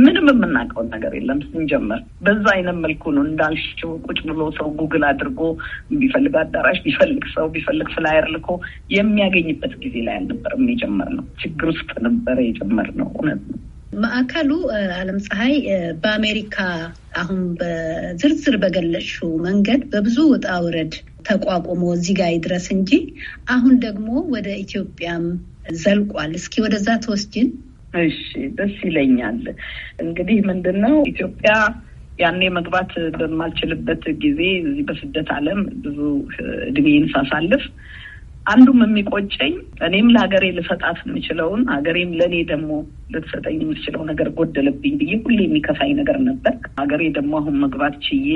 ምንም የምናውቀው ነገር የለም። ስንጀምር በዛ አይነት መልኩ ነው እንዳልሽው፣ ቁጭ ብሎ ሰው ጉግል አድርጎ ቢፈልግ አዳራሽ ቢፈልግ ሰው ቢፈልግ ፍላየር ልኮ የሚያገኝበት ጊዜ ላይ አልነበረም የጀመርነው። ችግር ውስጥ ነበረ የጀመርነው እውነት ነው። ማዕከሉ አለም ፀሐይ በአሜሪካ አሁን በዝርዝር በገለጽሽው መንገድ በብዙ ውጣ ውረድ ተቋቁሞ እዚህ ጋ ይድረስ እንጂ አሁን ደግሞ ወደ ኢትዮጵያም ዘልቋል። እስኪ ወደዛ ተወስጅን። እሺ፣ ደስ ይለኛል። እንግዲህ ምንድን ነው ኢትዮጵያ ያኔ መግባት በማልችልበት ጊዜ እዚህ በስደት አለም ብዙ እድሜን ሳሳልፍ አንዱም የሚቆጨኝ እኔም ለሀገሬ ልሰጣት የምችለውን ሀገሬም ለእኔ ደግሞ ልትሰጠኝ የምችለው ነገር ጎደለብኝ ብዬ ሁሌ የሚከፋኝ ነገር ነበር። ሀገሬ ደግሞ አሁን መግባት ችዬ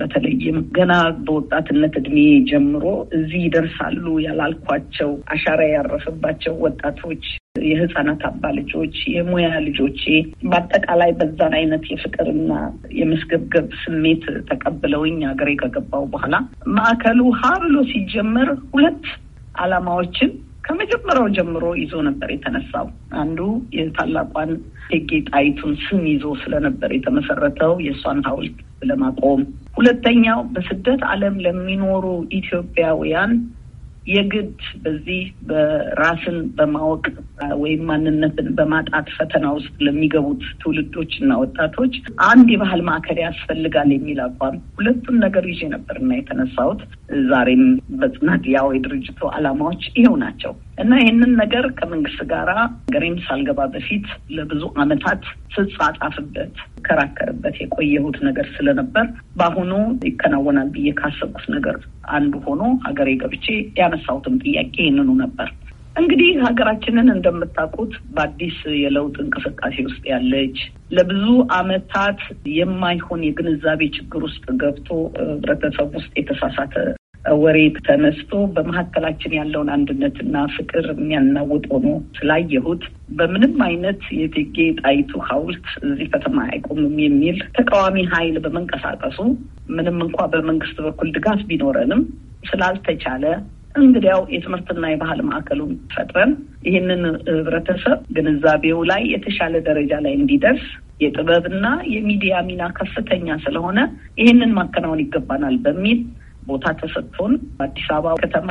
በተለይም ገና በወጣትነት እድሜ ጀምሮ እዚህ ይደርሳሉ ያላልኳቸው አሻራ ያረፈባቸው ወጣቶች፣ የህፃናት አባ ልጆች፣ የሙያ ልጆቼ በአጠቃላይ በዛን አይነት የፍቅርና የመስገብገብ ስሜት ተቀብለውኝ ሀገሬ ከገባው በኋላ ማዕከሉ ሀ ብሎ ሲጀመር ሁለት አላማዎችን ከመጀመሪያው ጀምሮ ይዞ ነበር የተነሳው። አንዱ የታላቋን እቴጌ ጣይቱን ስም ይዞ ስለነበር የተመሰረተው የእሷን ሐውልት ለማቆም፣ ሁለተኛው በስደት ዓለም ለሚኖሩ ኢትዮጵያውያን የግድ በዚህ በራስን በማወቅ ወይም ማንነትን በማጣት ፈተና ውስጥ ለሚገቡት ትውልዶች እና ወጣቶች አንድ የባህል ማዕከል ያስፈልጋል የሚል አቋም ሁለቱን ነገር ይዤ ነበር እና የተነሳሁት ዛሬም በጽናት ያው የድርጅቱ ዓላማዎች ይኸው ናቸው እና ይህንን ነገር ከመንግስት ጋር ገሬም ሳልገባ በፊት ለብዙ ዓመታት ስጻጻፍበት ከራከርበት የቆየሁት ነገር ስለነበር በአሁኑ ይከናወናል ብዬ ካሰብኩት ነገር አንዱ ሆኖ ሀገሬ ገብቼ ያነሳሁትም ጥያቄ ይህንኑ ነበር። እንግዲህ ሀገራችንን እንደምታውቁት በአዲስ የለውጥ እንቅስቃሴ ውስጥ ያለች ለብዙ ዓመታት የማይሆን የግንዛቤ ችግር ውስጥ ገብቶ ህብረተሰብ ውስጥ የተሳሳተ ወሬ ተነስቶ በመካከላችን ያለውን አንድነትና ፍቅር የሚያናውጥ ሆኖ ስላየሁት በምንም አይነት የቴጌ ጣይቱ ሐውልት እዚህ ከተማ አይቆምም የሚል ተቃዋሚ ኃይል በመንቀሳቀሱ ምንም እንኳ በመንግስት በኩል ድጋፍ ቢኖረንም ስላልተቻለ እንግዲያው የትምህርትና የባህል ማዕከሉን ፈጥረን ይህንን ህብረተሰብ ግንዛቤው ላይ የተሻለ ደረጃ ላይ እንዲደርስ የጥበብና የሚዲያ ሚና ከፍተኛ ስለሆነ ይህንን ማከናወን ይገባናል በሚል ቦታ ተሰጥቶን አዲስ አበባ ከተማ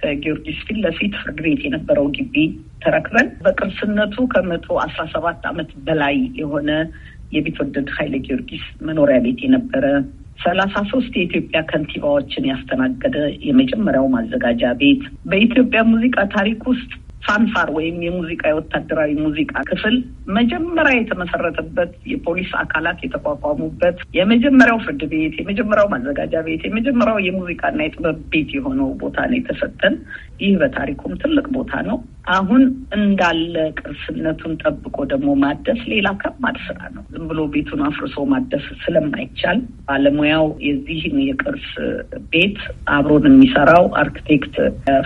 ከጊዮርጊስ ፊት ለፊት ፍርድ ቤት የነበረው ግቢ ተረክበን በቅርስነቱ ከመቶ አስራ ሰባት ዓመት በላይ የሆነ የቢትወደድ ኃይለ ጊዮርጊስ መኖሪያ ቤት የነበረ ሰላሳ ሶስት የኢትዮጵያ ከንቲባዎችን ያስተናገደ የመጀመሪያው ማዘጋጃ ቤት በኢትዮጵያ ሙዚቃ ታሪክ ውስጥ ፋንፋር ወይም የሙዚቃ የወታደራዊ ሙዚቃ ክፍል መጀመሪያ የተመሰረተበት የፖሊስ አካላት የተቋቋሙበት የመጀመሪያው ፍርድ ቤት፣ የመጀመሪያው ማዘጋጃ ቤት፣ የመጀመሪያው የሙዚቃና የጥበብ ቤት የሆነው ቦታ ነው የተሰጠን። ይህ በታሪኩም ትልቅ ቦታ ነው። አሁን እንዳለ ቅርስነቱን ጠብቆ ደግሞ ማደስ ሌላ ከባድ ስራ ነው። ዝም ብሎ ቤቱን አፍርሶ ማደስ ስለማይቻል ባለሙያው የዚህን የቅርስ ቤት አብሮን የሚሰራው አርክቴክት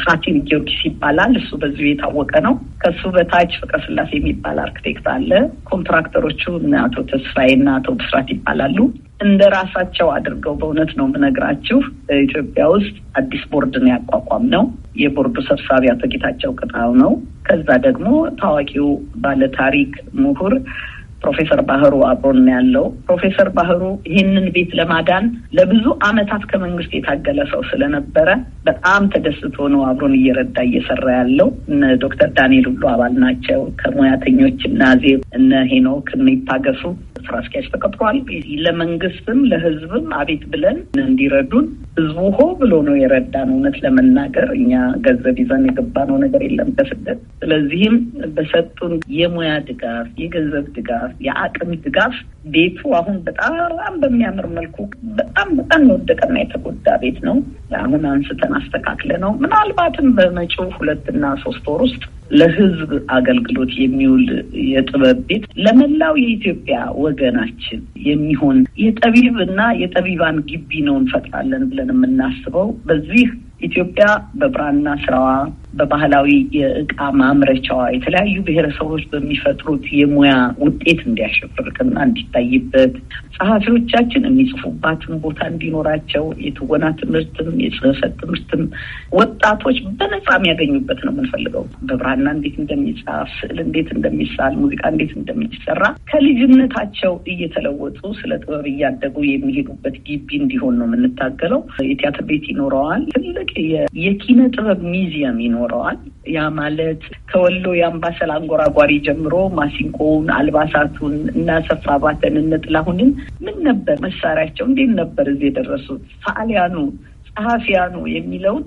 ፋቲም ጊዮርጊስ ይባላል። እሱ በዚህ ቤት የታወቀ ነው። ከሱ በታች ፍቅረ ስላሴ የሚባል አርክቴክት አለ። ኮንትራክተሮቹ አቶ ተስፋዬ እና አቶ ብስራት ይባላሉ። እንደ ራሳቸው አድርገው በእውነት ነው የምነግራችሁ። በኢትዮጵያ ውስጥ አዲስ ቦርድን ያቋቋም ነው። የቦርዱ ሰብሳቢ አቶ ጌታቸው ቅጣው ነው። ከዛ ደግሞ ታዋቂው ባለታሪክ ምሁር ፕሮፌሰር ባህሩ አብሮን ያለው ፕሮፌሰር ባህሩ ይህንን ቤት ለማዳን ለብዙ አመታት ከመንግስት የታገለ ሰው ስለነበረ በጣም ተደስቶ ነው አብሮን እየረዳ እየሰራ ያለው። እነ ዶክተር ዳንኤል ሁሉ አባል ናቸው። ከሙያተኞች እነ አዜብ፣ እነ ሄኖክ፣ እነ ይታገሱ ስራ አስኪያጅ ተቀጥሯል። ለመንግስትም ለህዝብም አቤት ብለን እንዲረዱን ህዝቡ ሆ ብሎ ነው የረዳን። እውነት ለመናገር እኛ ገንዘብ ይዘን የገባነው ነገር የለም ከስደት። ስለዚህም በሰጡን የሙያ ድጋፍ፣ የገንዘብ ድጋፍ፣ የአቅም ድጋፍ ቤቱ አሁን በጣም በሚያምር መልኩ በጣም በጣም የወደቀና የተጎዳ ቤት ነው። አሁን አንስተን አስተካክለ ነው ምናልባትም በመጪው ሁለትና ሶስት ወር ውስጥ ለህዝብ አገልግሎት የሚውል የጥበብ ቤት ለመላው የኢትዮጵያ ወገናችን የሚሆን የጠቢብ እና የጠቢባን ግቢ ነው እንፈጥራለን ብለን የምናስበው በዚህ ኢትዮጵያ በብራና ስራዋ፣ በባህላዊ የእቃ ማምረቻዋ የተለያዩ ብሔረሰቦች በሚፈጥሩት የሙያ ውጤት እንዲያሸብርቅና እንዲታይበት ጸሐፊዎቻችን የሚጽፉባትን ቦታ እንዲኖራቸው የትወና ትምህርትም የጽህፈት ትምህርትም ወጣቶች በነጻ የሚያገኙበት ነው የምንፈልገው። በብራና እንዴት እንደሚጻፍ፣ ስዕል እንዴት እንደሚሳል፣ ሙዚቃ እንዴት እንደሚሰራ ከልጅነታቸው እየተለወጡ ስለ ጥበብ እያደጉ የሚሄዱበት ግቢ እንዲሆን ነው የምንታገለው። የቲያትር ቤት ይኖረዋል ትልቅ የኪነ ጥበብ ሚዚየም ይኖረዋል። ያ ማለት ከወሎ የአምባሰል አንጎራጓሪ ጀምሮ ማሲንቆውን፣ አልባሳቱን እና ሰፋ ባተን ጥላሁንን ምን ነበር መሳሪያቸው፣ እንዴት ነበር እዚህ የደረሱት፣ ሰዓሊያኑ፣ ጸሐፊያኑ የሚለውን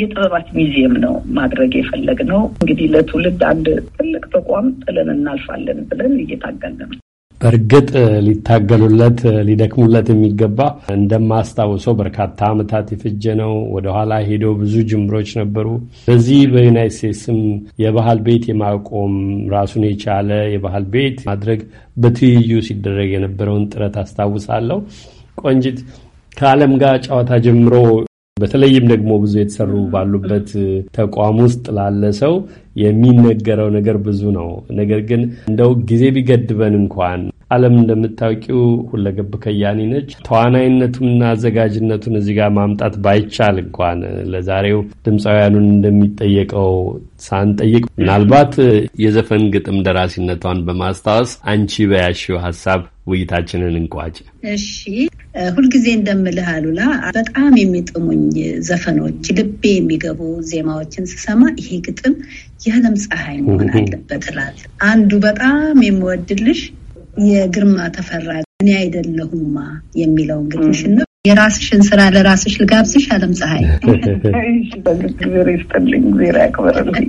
የጥበባት ሚዚየም ነው ማድረግ ነው። እንግዲህ ለትውልድ አንድ ትልቅ ተቋም ጥለን እናልፋለን ብለን እየታገልን ነው። በእርግጥ ሊታገሉለት ሊደክሙለት የሚገባ እንደማስታውሰው በርካታ ዓመታት የፈጀ ነው። ወደኋላ ሄዶ ብዙ ጅምሮች ነበሩ። በዚህ በዩናይት ስቴትስም የባህል ቤት የማቆም ራሱን የቻለ የባህል ቤት ማድረግ በትይዩ ሲደረግ የነበረውን ጥረት አስታውሳለሁ። ቆንጂት ከዓለም ጋር ጨዋታ ጀምሮ በተለይም ደግሞ ብዙ የተሰሩ ባሉበት ተቋም ውስጥ ላለ ሰው የሚነገረው ነገር ብዙ ነው። ነገር ግን እንደው ጊዜ ቢገድበን እንኳን ዓለም እንደምታውቂው ሁለገብ ከያኒ ነች። ተዋናይነቱንና አዘጋጅነቱን እዚህ ጋር ማምጣት ባይቻል እንኳን ለዛሬው ድምፃውያኑን እንደሚጠየቀው ሳንጠይቅ ምናልባት የዘፈን ግጥም ደራሲነቷን በማስታወስ አንቺ በያሽው ሀሳብ ውይይታችንን እንቋጭ። እሺ፣ ሁልጊዜ እንደምልህ አሉላ፣ በጣም የሚጥሙኝ ዘፈኖች፣ ልቤ የሚገቡ ዜማዎችን ስሰማ ይሄ ግጥም የዓለም ፀሐይ መሆን አለበት እላለሁ። አንዱ በጣም የምወድልሽ የግርማ ተፈራ እኔ አይደለሁማ የሚለው እንግዲህ ነው። የራስሽን ስራ ለራስሽ ልጋብዝሽ። አለም ፀሐይ [laughs] በግብር ይስጥልኝ ዜራ ያክብርልኝ።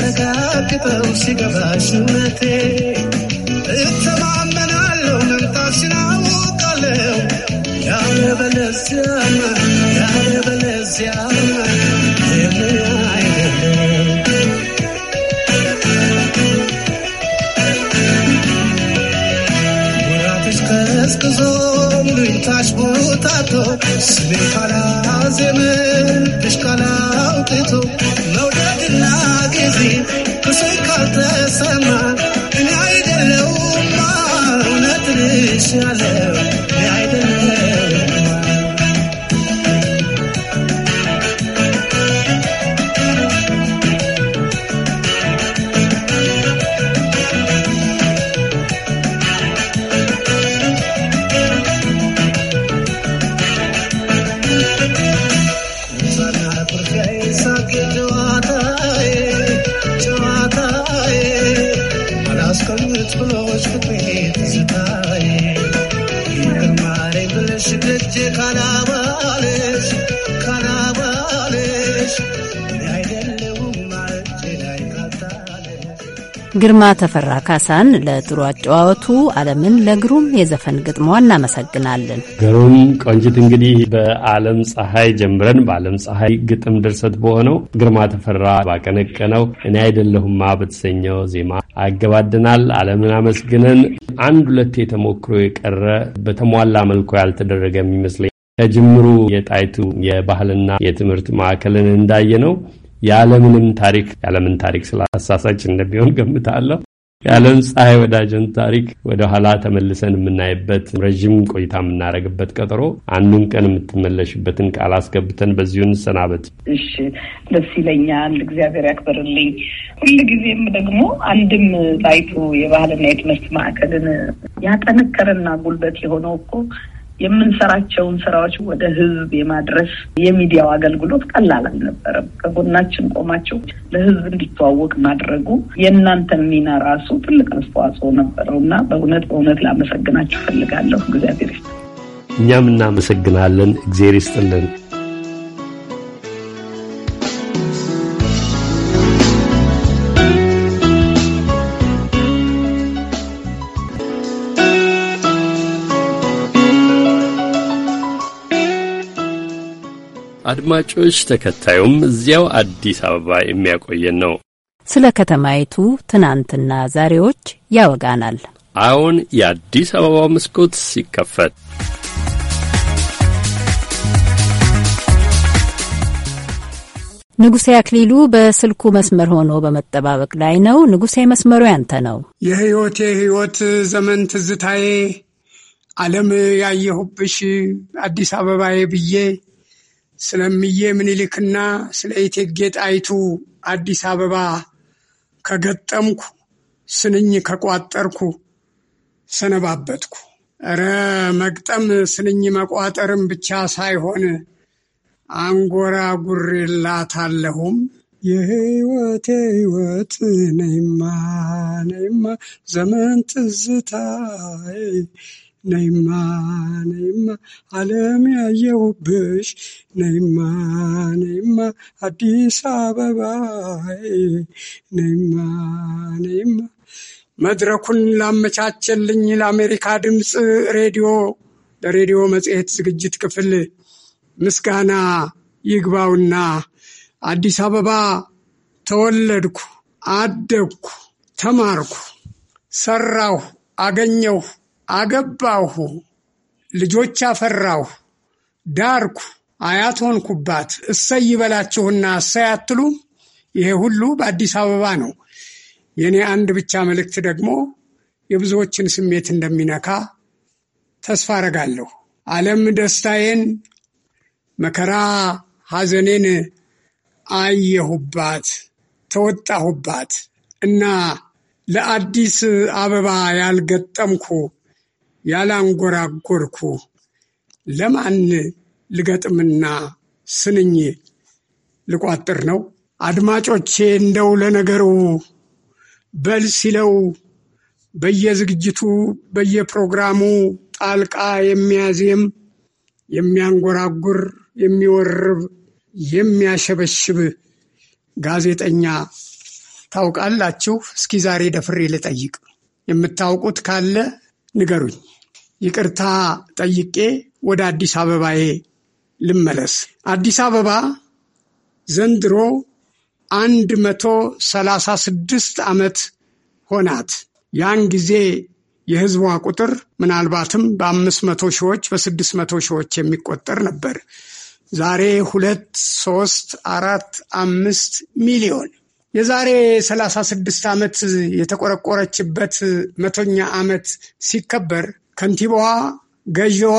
ሳረጋግጠው ሲገባሽ እውነቴ እተማመናለሁ መምጣትሽን አውቃለሁ። ያለበለዚያ ያለበለዚያ ቀዝቅዞ ምሉኝታሽ ቦታቶ ስሜ ካላዜመልሽ ካላውጥቶ ነው ላጊዜ ብሰይ ካልተሰማ ግርማ ተፈራ ካሳን ለጥሩ አጨዋወቱ አለምን ለግሩም የዘፈን ግጥሟ እናመሰግናለን። ግሩም ቆንጅት፣ እንግዲህ በአለም ፀሐይ ጀምረን በአለም ፀሐይ ግጥም ድርሰት በሆነው ግርማ ተፈራ ባቀነቀነው እኔ አይደለሁማ በተሰኘው ዜማ አገባድናል። አለምን አመስግነን አንድ ሁለት የተሞክሮ የቀረ በተሟላ መልኩ ያልተደረገ የሚመስለኝ ከጅምሩ የጣይቱ የባህልና የትምህርት ማዕከልን እንዳየ ነው የዓለምንም ታሪክ የዓለምን ታሪክ ስላሳሳች እንደሚሆን ገምታለሁ። የዓለም ፀሐይ ወዳጅን ታሪክ ወደ ኋላ ተመልሰን የምናይበት ረዥም ቆይታ የምናደርግበት ቀጠሮ አንዱን ቀን የምትመለሽበትን ቃል አስገብተን በዚሁ እንሰናበት። እሺ፣ ደስ ይለኛል። እግዚአብሔር ሁል ጊዜም ደግሞ አንድም ጣይቱ የባህልና የትምህርት ማዕከልን ያጠነከረና ጉልበት የሆነው እኮ የምንሰራቸውን ስራዎች ወደ ህዝብ የማድረስ የሚዲያው አገልግሎት ቀላል አልነበረም። ከጎናችን ቆማቸው ለህዝብ እንዲተዋወቅ ማድረጉ የእናንተ ሚና ራሱ ትልቅ አስተዋጽኦ ነበረው እና በእውነት በእውነት ላመሰግናችሁ ፈልጋለሁ። እግዚአብሔር ይስጥ። እኛም እናመሰግናለን። እግዚአብሔር ይስጥልን። አድማጮች፣ ተከታዩም እዚያው አዲስ አበባ የሚያቆየን ነው። ስለ ከተማይቱ ትናንትና ዛሬዎች ያወጋናል። አዎን፣ የአዲስ አበባው መስኮት ሲከፈት ንጉሴ አክሊሉ በስልኩ መስመር ሆኖ በመጠባበቅ ላይ ነው። ንጉሴ፣ መስመሩ ያንተ ነው። የህይወት የህይወት ዘመን ትዝታዬ ዓለም ያየሁብሽ አዲስ አበባዬ ብዬ ስለ እምዬ ምኒልክና ስለ እቴጌ ጣይቱ አዲስ አበባ ከገጠምኩ ስንኝ ከቋጠርኩ ሰነባበትኩ። እረ መግጠም ስንኝ መቋጠርም ብቻ ሳይሆን አንጎራጉሬላታለሁም የህይወት ህይወት ነይማ ነይማ ዘመን ትዝታይ ነይማ ነይማ ዓለም ያየውብሽ ነይማ ነይማ አዲስ አበባ ነይማ ነይማ መድረኩን ላመቻቸልኝ ለአሜሪካ ድምፅ ሬዲዮ ለሬዲዮ መጽሔት ዝግጅት ክፍል ምስጋና ይግባውና አዲስ አበባ ተወለድኩ፣ አደግኩ፣ ተማርኩ፣ ሰራሁ፣ አገኘሁ አገባሁ፣ ልጆች አፈራሁ፣ ዳርኩ፣ አያት ሆንኩባት፣ እሰይ ይበላችሁና እሰይ ይሄ ሁሉ በአዲስ አበባ ነው። የእኔ አንድ ብቻ መልእክት ደግሞ የብዙዎችን ስሜት እንደሚነካ ተስፋ አረጋለሁ። ዓለም ደስታዬን፣ መከራ ሐዘኔን አየሁባት፣ ተወጣሁባት እና ለአዲስ አበባ ያልገጠምኩ ያላንጎራጎርኩ ለማን ልገጥምና ስንኝ ልቋጥር ነው? አድማጮቼ እንደው ለነገሩ በል ሲለው በየዝግጅቱ በየፕሮግራሙ ጣልቃ የሚያዜም የሚያንጎራጉር የሚወርብ የሚያሸበሽብ ጋዜጠኛ ታውቃላችሁ? እስኪ ዛሬ ደፍሬ ልጠይቅ። የምታውቁት ካለ ንገሩኝ፣ ይቅርታ ጠይቄ ወደ አዲስ አበባዬ ልመለስ። አዲስ አበባ ዘንድሮ አንድ መቶ ሰላሳ ስድስት ዓመት ሆናት። ያን ጊዜ የህዝቧ ቁጥር ምናልባትም በአምስት መቶ ሺዎች በስድስት መቶ ሺዎች የሚቆጠር ነበር። ዛሬ ሁለት ሶስት አራት አምስት ሚሊዮን የዛሬ 36 ዓመት የተቆረቆረችበት መቶኛ ዓመት ሲከበር ከንቲባዋ፣ ገዢዋ፣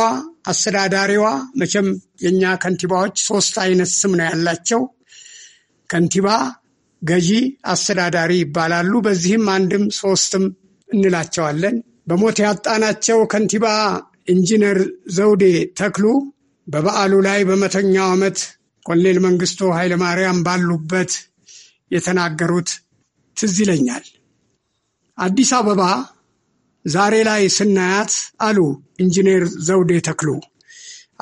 አስተዳዳሪዋ መቼም የእኛ ከንቲባዎች ሶስት አይነት ስም ነው ያላቸው። ከንቲባ፣ ገዢ፣ አስተዳዳሪ ይባላሉ። በዚህም አንድም ሶስትም እንላቸዋለን። በሞት ያጣናቸው ከንቲባ ኢንጂነር ዘውዴ ተክሉ በበዓሉ ላይ በመቶኛው ዓመት ኮሎኔል መንግስቱ ኃይለማርያም ባሉበት የተናገሩት ትዝ ይለኛል። አዲስ አበባ ዛሬ ላይ ስናያት አሉ ኢንጂነር ዘውዴ ተክሉ፣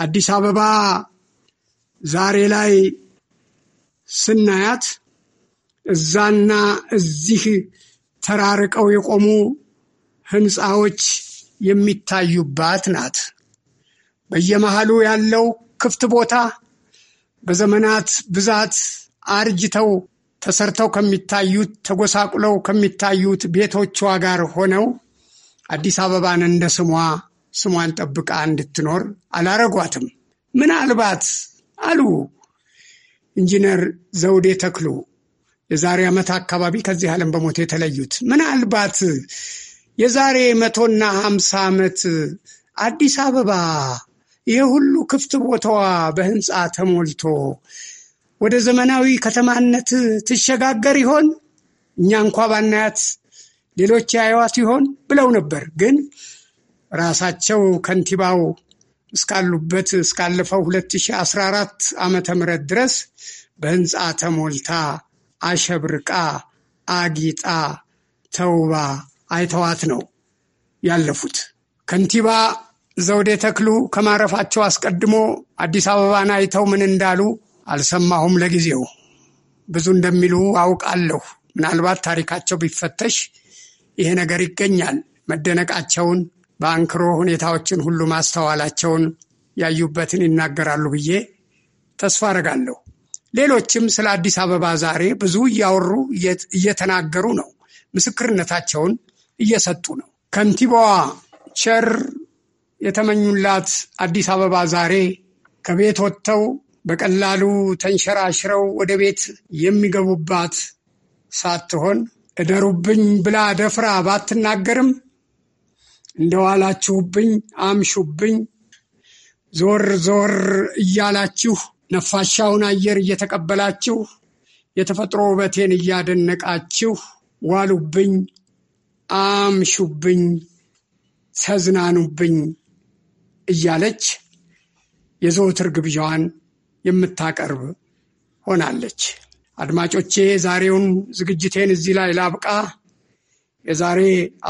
አዲስ አበባ ዛሬ ላይ ስናያት እዛና እዚህ ተራርቀው የቆሙ ህንፃዎች የሚታዩባት ናት። በየመሃሉ ያለው ክፍት ቦታ በዘመናት ብዛት አርጅተው ተሰርተው ከሚታዩት ተጎሳቁለው ከሚታዩት ቤቶቿ ጋር ሆነው አዲስ አበባን እንደ ስሟ ስሟን ጠብቃ እንድትኖር አላረጓትም። ምናልባት አሉ ኢንጂነር ዘውዴ ተክሉ የዛሬ ዓመት አካባቢ ከዚህ ዓለም በሞት የተለዩት፣ ምናልባት የዛሬ መቶና ሀምሳ ዓመት አዲስ አበባ ይህ ሁሉ ክፍት ቦታዋ በህንፃ ተሞልቶ ወደ ዘመናዊ ከተማነት ትሸጋገር ይሆን? እኛ እንኳ ባናያት ሌሎች ያዩዋት ይሆን ብለው ነበር። ግን ራሳቸው ከንቲባው እስካሉበት እስካለፈው 2014 ዓመተ ምህረት ድረስ በህንፃ ተሞልታ አሸብርቃ አጊጣ ተውባ አይተዋት ነው ያለፉት። ከንቲባ ዘውዴ ተክሉ ከማረፋቸው አስቀድሞ አዲስ አበባን አይተው ምን እንዳሉ አልሰማሁም ለጊዜው ብዙ እንደሚሉ አውቃለሁ። ምናልባት ታሪካቸው ቢፈተሽ ይሄ ነገር ይገኛል። መደነቃቸውን በአንክሮ ሁኔታዎችን ሁሉ ማስተዋላቸውን ያዩበትን ይናገራሉ ብዬ ተስፋ አረጋለሁ። ሌሎችም ስለ አዲስ አበባ ዛሬ ብዙ እያወሩ እየተናገሩ ነው። ምስክርነታቸውን እየሰጡ ነው። ከንቲባዋ ቸር የተመኙላት አዲስ አበባ ዛሬ ከቤት ወጥተው በቀላሉ ተንሸራሽረው ወደ ቤት የሚገቡባት ሳትሆን እደሩብኝ ብላ ደፍራ ባትናገርም እንደዋላችሁብኝ፣ አምሹብኝ፣ ዞር ዞር እያላችሁ ነፋሻውን አየር እየተቀበላችሁ የተፈጥሮ ውበቴን እያደነቃችሁ ዋሉብኝ፣ አምሹብኝ፣ ተዝናኑብኝ እያለች የዘወትር ግብዣዋን የምታቀርብ ሆናለች። አድማጮቼ ዛሬውን ዝግጅቴን እዚህ ላይ ላብቃ። የዛሬ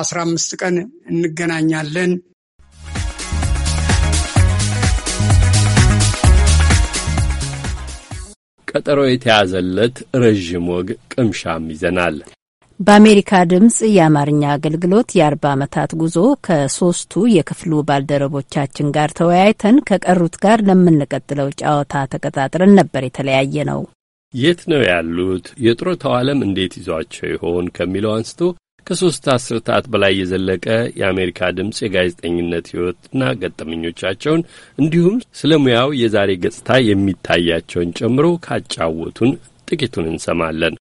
15 ቀን እንገናኛለን። ቀጠሮ የተያዘለት ረዥም ወግ ቅምሻም ይዘናል። በአሜሪካ ድምፅ የአማርኛ አገልግሎት የአርባ ዓመታት ጉዞ ከሶስቱ የክፍሉ ባልደረቦቻችን ጋር ተወያይተን ከቀሩት ጋር ለምንቀጥለው ጨዋታ ተቀጣጥረን ነበር የተለያየ ነው። የት ነው ያሉት? የጡረታው ዓለም እንዴት ይዟቸው ይሆን ከሚለው አንስቶ ከሦስት አስርታት በላይ የዘለቀ የአሜሪካ ድምፅ የጋዜጠኝነት ሕይወትና ገጠመኞቻቸውን እንዲሁም ስለ ሙያው የዛሬ ገጽታ የሚታያቸውን ጨምሮ ካጫወቱን ጥቂቱን እንሰማለን።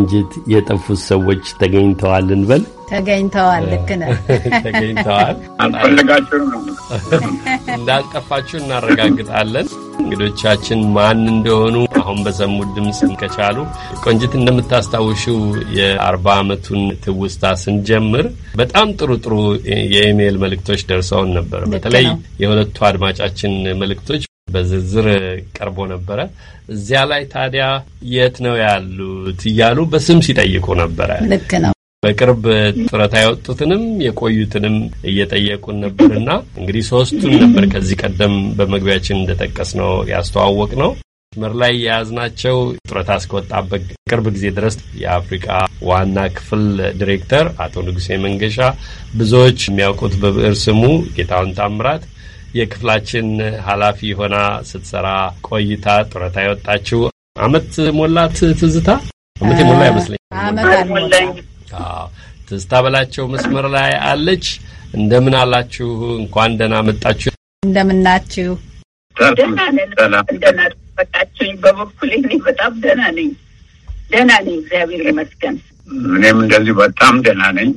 ቆንጅት የጠፉት ሰዎች ተገኝተዋል እንበል። ተገኝተዋል። ልክ ነህ። [laughs] ተገኝተዋል። [laughs] እንዳልጠፋችሁ እናረጋግጣለን። እንግዶቻችን ማን እንደሆኑ አሁን በሰሙት ድምፅ ከቻሉ ቆንጅት እንደምታስታውሽው የአርባ ዓመቱን ትውስታ ስንጀምር በጣም ጥሩ ጥሩ የኢሜይል መልእክቶች ደርሰውን ነበር። በተለይ የሁለቱ አድማጫችን መልእክቶች በዝርዝር ቀርቦ ነበረ። እዚያ ላይ ታዲያ የት ነው ያሉት እያሉ በስም ሲጠይቁ ነበረ። ልክ ነው። በቅርብ ጡረታ አይወጡትንም የቆዩትንም እየጠየቁን ነበርና እንግዲህ ሶስቱን ነበር ከዚህ ቀደም በመግቢያችን እንደጠቀስ ነው ያስተዋወቅ ነው መር ላይ የያዝናቸው ጡረታ እስከወጣበት ቅርብ ጊዜ ድረስ የአፍሪቃ ዋና ክፍል ዲሬክተር አቶ ንጉሴ መንገሻ፣ ብዙዎች የሚያውቁት በብዕር ስሙ ጌታውን ታምራት የክፍላችን ኃላፊ ሆና ስትሰራ ቆይታ ጡረታ የወጣችው አመት ሞላት ትዝታ አመት ሞላ ይመስለኛል። ትዝታ በላቸው መስመር ላይ አለች። እንደምን አላችሁ? እንኳን ደህና መጣችሁ። እንደምናችሁ? ደህና ነን። ደህና በበኩሌ እኔ በጣም ደህና ነኝ። ደህና ነኝ፣ እግዚአብሔር ይመስገን። እኔም እንደዚሁ በጣም ደህና ነኝ።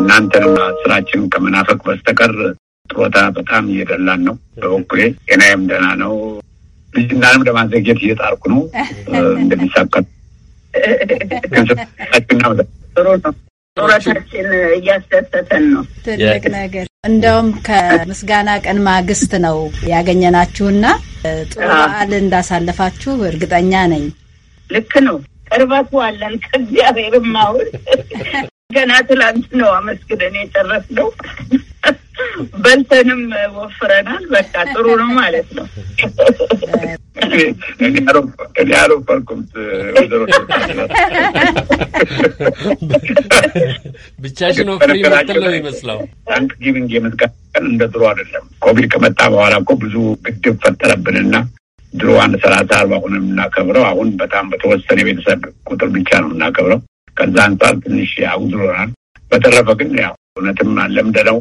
እናንተን ስራችን ከመናፈቅ በስተቀር ጦጣ በጣም እየደላን ነው። በበኩሌ ጤናዬም ደህና ነው። ልጅናንም ለማዘግየት እየጣርኩ ነው። [laughs] እንደሚሳካ ጥሩ ነው። እያስደሰተን ነው። ትልቅ ነገር እንደውም ከምስጋና ቀን ማግስት ነው ያገኘናችሁና ጥሩ በዓል እንዳሳለፋችሁ እርግጠኛ ነኝ። ልክ ነው። ቅርበቱ አለን ከእግዚአብሔርም አሁን [laughs] ገና ትላንት ነው አመስግደን የጨረስነው። በልተንም ወፍረናል። በቃ ጥሩ ነው ማለት ነው። እኔ አልወፈርኩም። ብቻሽን ወፍሪ የምትል ነው ይመስለው። ታንክ ጊቪንግ የምትቀን እንደ ድሮ አይደለም። ኮቪድ ከመጣ በኋላ እኮ ብዙ ግድብ ፈጠረብንና ድሮ አንድ ሰላሳ አርባ ሆነን የምናከብረው አሁን በጣም በተወሰነ የቤተሰብ ቁጥር ብቻ ነው የምናከብረው። ከዛ አንጻር ትንሽ አጉድሎናል። በተረፈ ግን ያው እውነትም አለምደነው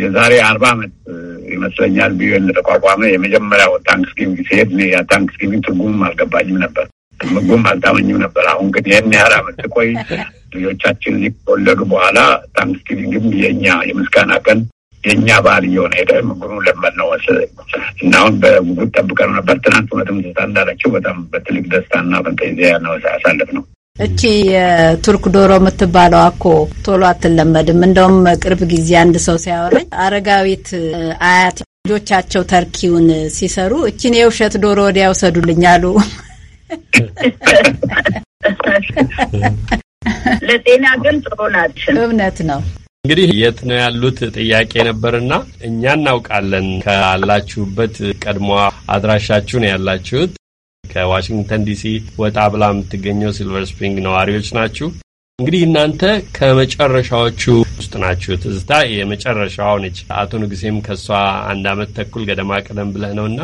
የዛሬ አርባ ዓመት ይመስለኛል ቢዩን ለተቋቋመ የመጀመሪያው ታንክስጊቪንግ ሲሄድ ታንክስጊቪንግ ትርጉምም አልገባኝም ነበር ምግቡም አልታመኝም ነበር። አሁን ግን ይህን ያህል አመት ቆይ ልጆቻችን ሊወለዱ በኋላ ታንክስጊቪንግም የእኛ የምስጋና ቀን የእኛ ባህል እየሆነ ሄደ። ምግኑ ለመድ ነው መሰለኝ እና አሁን በጉጉት ጠብቀን ነበር። ትናንት እውነትም ስታ እንዳለችው በጣም በትልቅ ደስታ ደስታና በንቀይዘያ ነው ያሳለፍ ነው። እቺ የቱርክ ዶሮ የምትባለው አኮ ቶሎ አትለመድም። እንደውም ቅርብ ጊዜ አንድ ሰው ሲያወራኝ አረጋዊት አያት ልጆቻቸው ተርኪውን ሲሰሩ እቺን የውሸት ዶሮ ወዲያ ውሰዱልኝ አሉ። ለጤና ግን ጥሩ ናችን። እውነት ነው። እንግዲህ የት ነው ያሉት ጥያቄ ነበርና እኛ እናውቃለን ካላችሁበት ቀድሞ አድራሻችሁ ነው ያላችሁት ከዋሽንግተን ዲሲ ወጣ ብላ የምትገኘው ሲልቨር ስፕሪንግ ነዋሪዎች ናችሁ። እንግዲህ እናንተ ከመጨረሻዎቹ ውስጥ ናችሁ። ትዝታ የመጨረሻዋ ነች። አቶ ንጉሴም ከእሷ አንድ አመት ተኩል ገደማ ቀደም ብለህ ነውና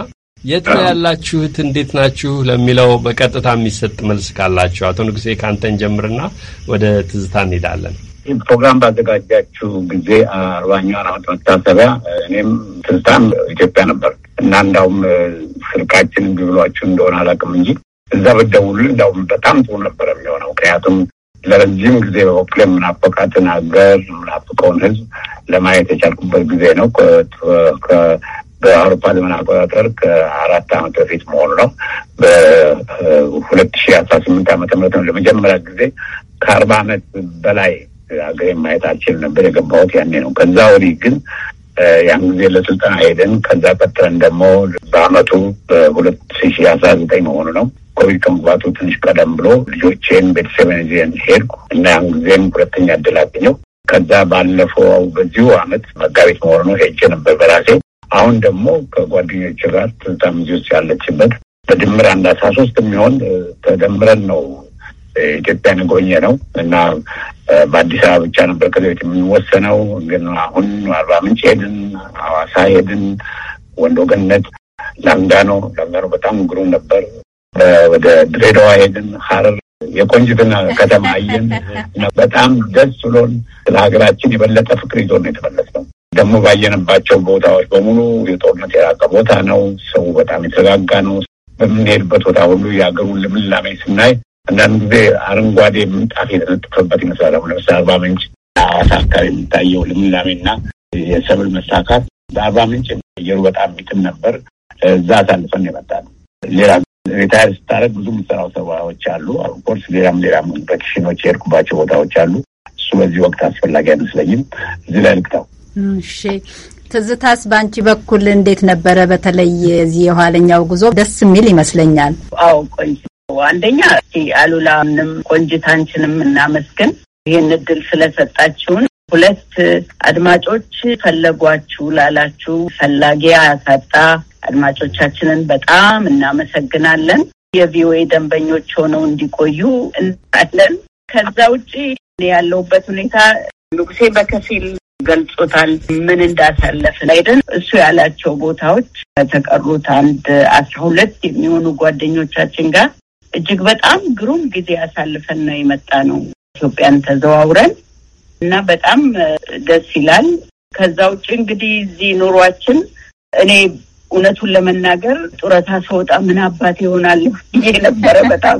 የት ነው ያላችሁት? እንዴት ናችሁ? ለሚለው በቀጥታ የሚሰጥ መልስ ካላችሁ አቶ ንጉሴ ከአንተን ጀምርና ወደ ትዝታ እንሄዳለን። ፕሮግራም ባዘጋጃችሁ ጊዜ አርባኛ ዓመት መታሰቢያ እኔም ትንሳኤም ኢትዮጵያ ነበር እና እንዳውም ስልካችን እንቢ ብሏችሁ እንደሆነ አላውቅም እንጂ እዛ ብትደውሉልን እንዳውም በጣም ጥሩ ነበር የሚሆነው። ምክንያቱም ለረጅም ጊዜ በበኩል የምናፈቃትን ሀገር የምናፍቀውን ህዝብ ለማየት የቻልኩበት ጊዜ ነው። በአውሮፓ ዘመን አቆጣጠር ከአራት ዓመት በፊት መሆኑ ነው። በሁለት ሺህ አስራ ስምንት ዓመተ ምህረት ነው ለመጀመሪያ ጊዜ ከአርባ ዓመት በላይ ሀገሬ ማየት አልችል ነበር። የገባሁት ያኔ ነው። ከዛ ወዲህ ግን ያን ጊዜ ለስልጠና ሄደን ከዛ ቀጥረን ደግሞ በአመቱ በሁለት ሺ አስራ ዘጠኝ መሆኑ ነው ኮቪድ ከመግባቱ ትንሽ ቀደም ብሎ ልጆቼን ቤተሰብን ይዤን ሄድኩ እና ያን ጊዜም ሁለተኛ እድል አገኘሁ። ከዛ ባለፈው በዚሁ አመት መጋቢት መሆኑ ነው ሄጄ ነበር በራሴ አሁን ደግሞ ከጓደኞች ጋር ትዝታ ውስጥ ያለችበት በድምር አንድ አስራ ሶስት የሚሆን ተደምረን ነው ኢትዮጵያን የጎበኘ ነው እና በአዲስ አበባ ብቻ ነበር ከዚህ በፊት የሚወሰነው። ግን አሁን አርባ ምንጭ ሄድን፣ ሐዋሳ ሄድን፣ ወንዶ ገነት፣ ላንጋኖ ላንጋኖ በጣም ግሩም ነበር። ወደ ድሬዳዋ ሄድን፣ ሐረር የቆንጅትና ከተማ አየን በጣም ደስ ብሎን ስለ ሀገራችን የበለጠ ፍቅር ይዞ ነው ነው። ደግሞ ባየንባቸው ቦታዎች በሙሉ የጦርነት የራቀ ቦታ ነው። ሰው በጣም የተረጋጋ ነው። በምንሄድበት ቦታ ሁሉ የሀገሩን ልምላሜ ስናይ አንዳንድ ጊዜ አረንጓዴ ምንጣፍ የተነጠፈበት ይመስላል። አሁን ለምሳሌ አርባ ምንጭ ሐዋሳ አካባቢ የሚታየው ልምላሜና የሰብል መሳካት በአርባ ምንጭ አየሩ በጣም ሚጥም ነበር። እዛ አሳልፈን ይመጣል። ሌላ ሪታይር ስታደርግ ብዙ የምሰራው ሰዎች አሉ። ኮርስ ሌላም ሌላም በኪሽኖች የሄድኩባቸው ቦታዎች አሉ። እሱ በዚህ ወቅት አስፈላጊ አይመስለኝም። እዚህ ላይ ልቅተው። እሺ ትዝታስ፣ በአንቺ በኩል እንዴት ነበረ? በተለይ እዚህ የኋለኛው ጉዞ ደስ የሚል ይመስለኛል። አዎ ቆይ አንደኛ አሉላንም ቆንጅታንችንም እናመስግን ይህን እድል ስለሰጣችሁን። ሁለት አድማጮች ፈለጓችሁ ላላችሁ ፈላጊ ያሳጣ አድማጮቻችንን በጣም እናመሰግናለን። የቪኦኤ ደንበኞች ሆነው እንዲቆዩ እንላለን። ከዛ ውጪ ያለውበት ሁኔታ ንጉሴ በከፊል ገልጾታል። ምን እንዳሳለፍ ላይደን እሱ ያላቸው ቦታዎች ከተቀሩት አንድ አስራ ሁለት የሚሆኑ ጓደኞቻችን ጋር እጅግ በጣም ግሩም ጊዜ አሳልፈን ነው የመጣ ነው። ኢትዮጵያን ተዘዋውረን እና በጣም ደስ ይላል። ከዛ ውጭ እንግዲህ እዚህ ኑሯችን እኔ እውነቱን ለመናገር ጡረታ ሰወጣ ምን አባት ይሆናል ብዬ ነበረ። በጣም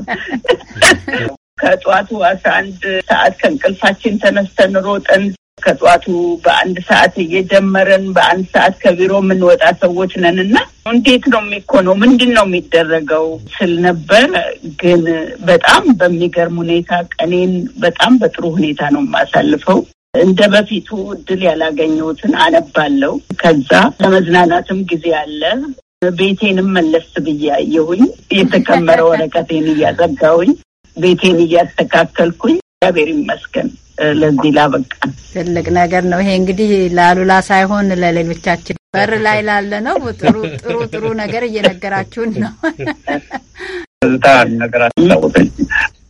ከጠዋቱ አስራ አንድ ሰዓት ከእንቅልፋችን ተነስተን ሮጠን ከጠዋቱ በአንድ ሰዓት እየጀመረን በአንድ ሰዓት ከቢሮ የምንወጣ ሰዎች ነን እና እንዴት ነው የሚኮነው? ምንድን ነው የሚደረገው ስል ነበር። ግን በጣም በሚገርም ሁኔታ ቀኔን በጣም በጥሩ ሁኔታ ነው የማሳልፈው። እንደ በፊቱ እድል ያላገኘሁትን አነባለሁ። ከዛ ለመዝናናትም ጊዜ አለ። ቤቴንም መለስ ብዬ አየሁኝ። የተከመረ ወረቀቴን እያዘጋሁኝ ቤቴን እያስተካከልኩኝ እግዚአብሔር ይመስገን። ለዚህ ላበቃን ትልቅ ነገር ነው። ይሄ እንግዲህ ለአሉላ ሳይሆን ለሌሎቻችን በር ላይ ላለ ነው። ጥሩ ጥሩ ጥሩ ነገር እየነገራችሁን ነው።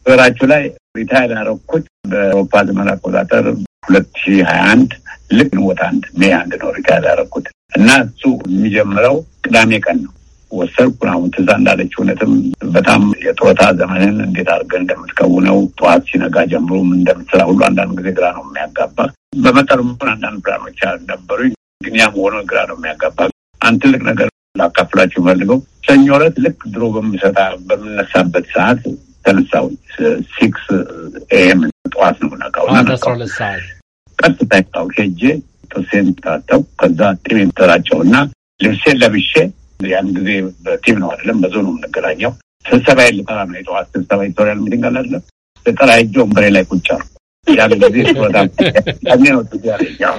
በራችሁ ላይ ሪታይል አረኩት በአውሮፓ ዘመን አቆጣጠር ሁለት ሺ ሀያ አንድ ልክ ንወት አንድ ሜ አንድ ነው ሪታይል አረኩት እና እሱ የሚጀምረው ቅዳሜ ቀን ነው ወሰድኩ። አሁን ትዛ እንዳለች እውነትም በጣም የጡረታ ዘመንን እንዴት አድርገን እንደምትከውነው ጠዋት ሲነጋ ጀምሮ ምን እንደምትሰራ ሁሉ አንዳንድ ጊዜ ግራ ነው የሚያጋባ። በመጠኑ አንዳንድ ብራኖች አልነበሩኝ፣ ግን ያም ሆኖ ግራ ነው የሚያጋባ። አንድ ትልቅ ነገር ላካፍላችሁ ፈልገው ሰኞ ዕለት ልክ ድሮ በምሰጣ በምነሳበት ሰዓት ተነሳው ሲክስ ኤም ጠዋት ነው ነቃው ቀጥታ ቃው ሄጄ ጥርሴን ታጠብኩ። ከዛ ጢሜን እና ልብሴን ለብሼ ያን ጊዜ በቲም ነው አይደለም፣ በዞን ነው የምንገናኘው። ስብሰባ የልጠራ ነው የጠዋት ስብሰባ ኢቶሪያል ሚቲንግ አይደለም፣ ልጠራ ሄጄ ወንበሬ ላይ ቁጭ አልኩ። ያን ጊዜ በጣም ነው እብረት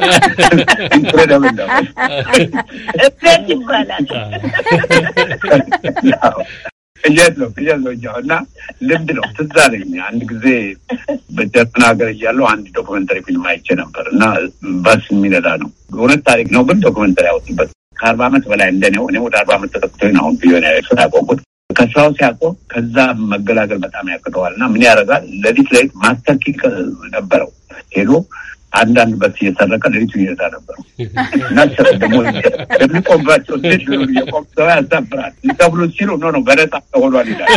ይባላል። እየት ነው እየት ነው እያው እና ልምድ ነው። ትዝ አለኝ አንድ ጊዜ በጀርመን ሀገር እያለሁ አንድ ዶክመንተሪ ፊልም አይቼ ነበር እና በስ የሚነዳ ነው እውነት ታሪክ ነው ግን ዶክመንተሪ ያወጡበት ከአርባ አመት በላይ እንደኔው እኔ ወደ አርባ አመት ተጠቅቶኝ አሁን ቢሊዮኔር ስራ ቆምኩት። ከስራው ሲያቆም ከዛ መገላገል በጣም ያቅተዋል እና ምን ያደርጋል? ሌሊት ላይ ማስተርኪ ነበረው ሄዶ አንዳንድ በት እየሰረቀ ለቤቱ እየሄዳ ነበር እና ደግሞ የሚቆምባቸው ሴት የቆም ሰው ያሳፍራል ተብሎ ሲሉ ኖ ነው በነጻ ተሆኗል ይላል።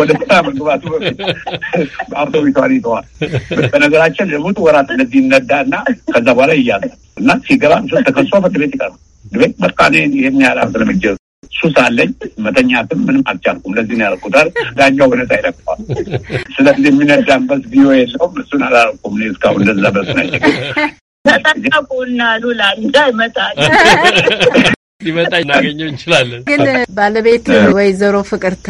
ወደ ስራ መግባቱ በፊት አውቶቢቷን ይተዋል። በነገራችን ለሙት ወራት እንደዚህ ይነዳ እና ከዛ በኋላ እያለ እና ሲገባ ሲገባም ተከሷ ፍርድ ቤት ይቀር ቤት በቃ ይህን ያህል ስለምጀ ሱስ አለኝ መተኛትም ምንም አልቻልኩም። ለዚህ ነው ያልኩት። ዳኛው በነጻ ይለቅ ስለዚህ የሚነዳበት ቪዮ የለውም። እሱን አላረቁም እስካሁን እንደዛ በስነች ተጠቀቁና ሉላ እንዳይመጣል ሊመጣ እናገኘው እንችላለን። ግን ባለቤት ወይዘሮ ፍቅርተ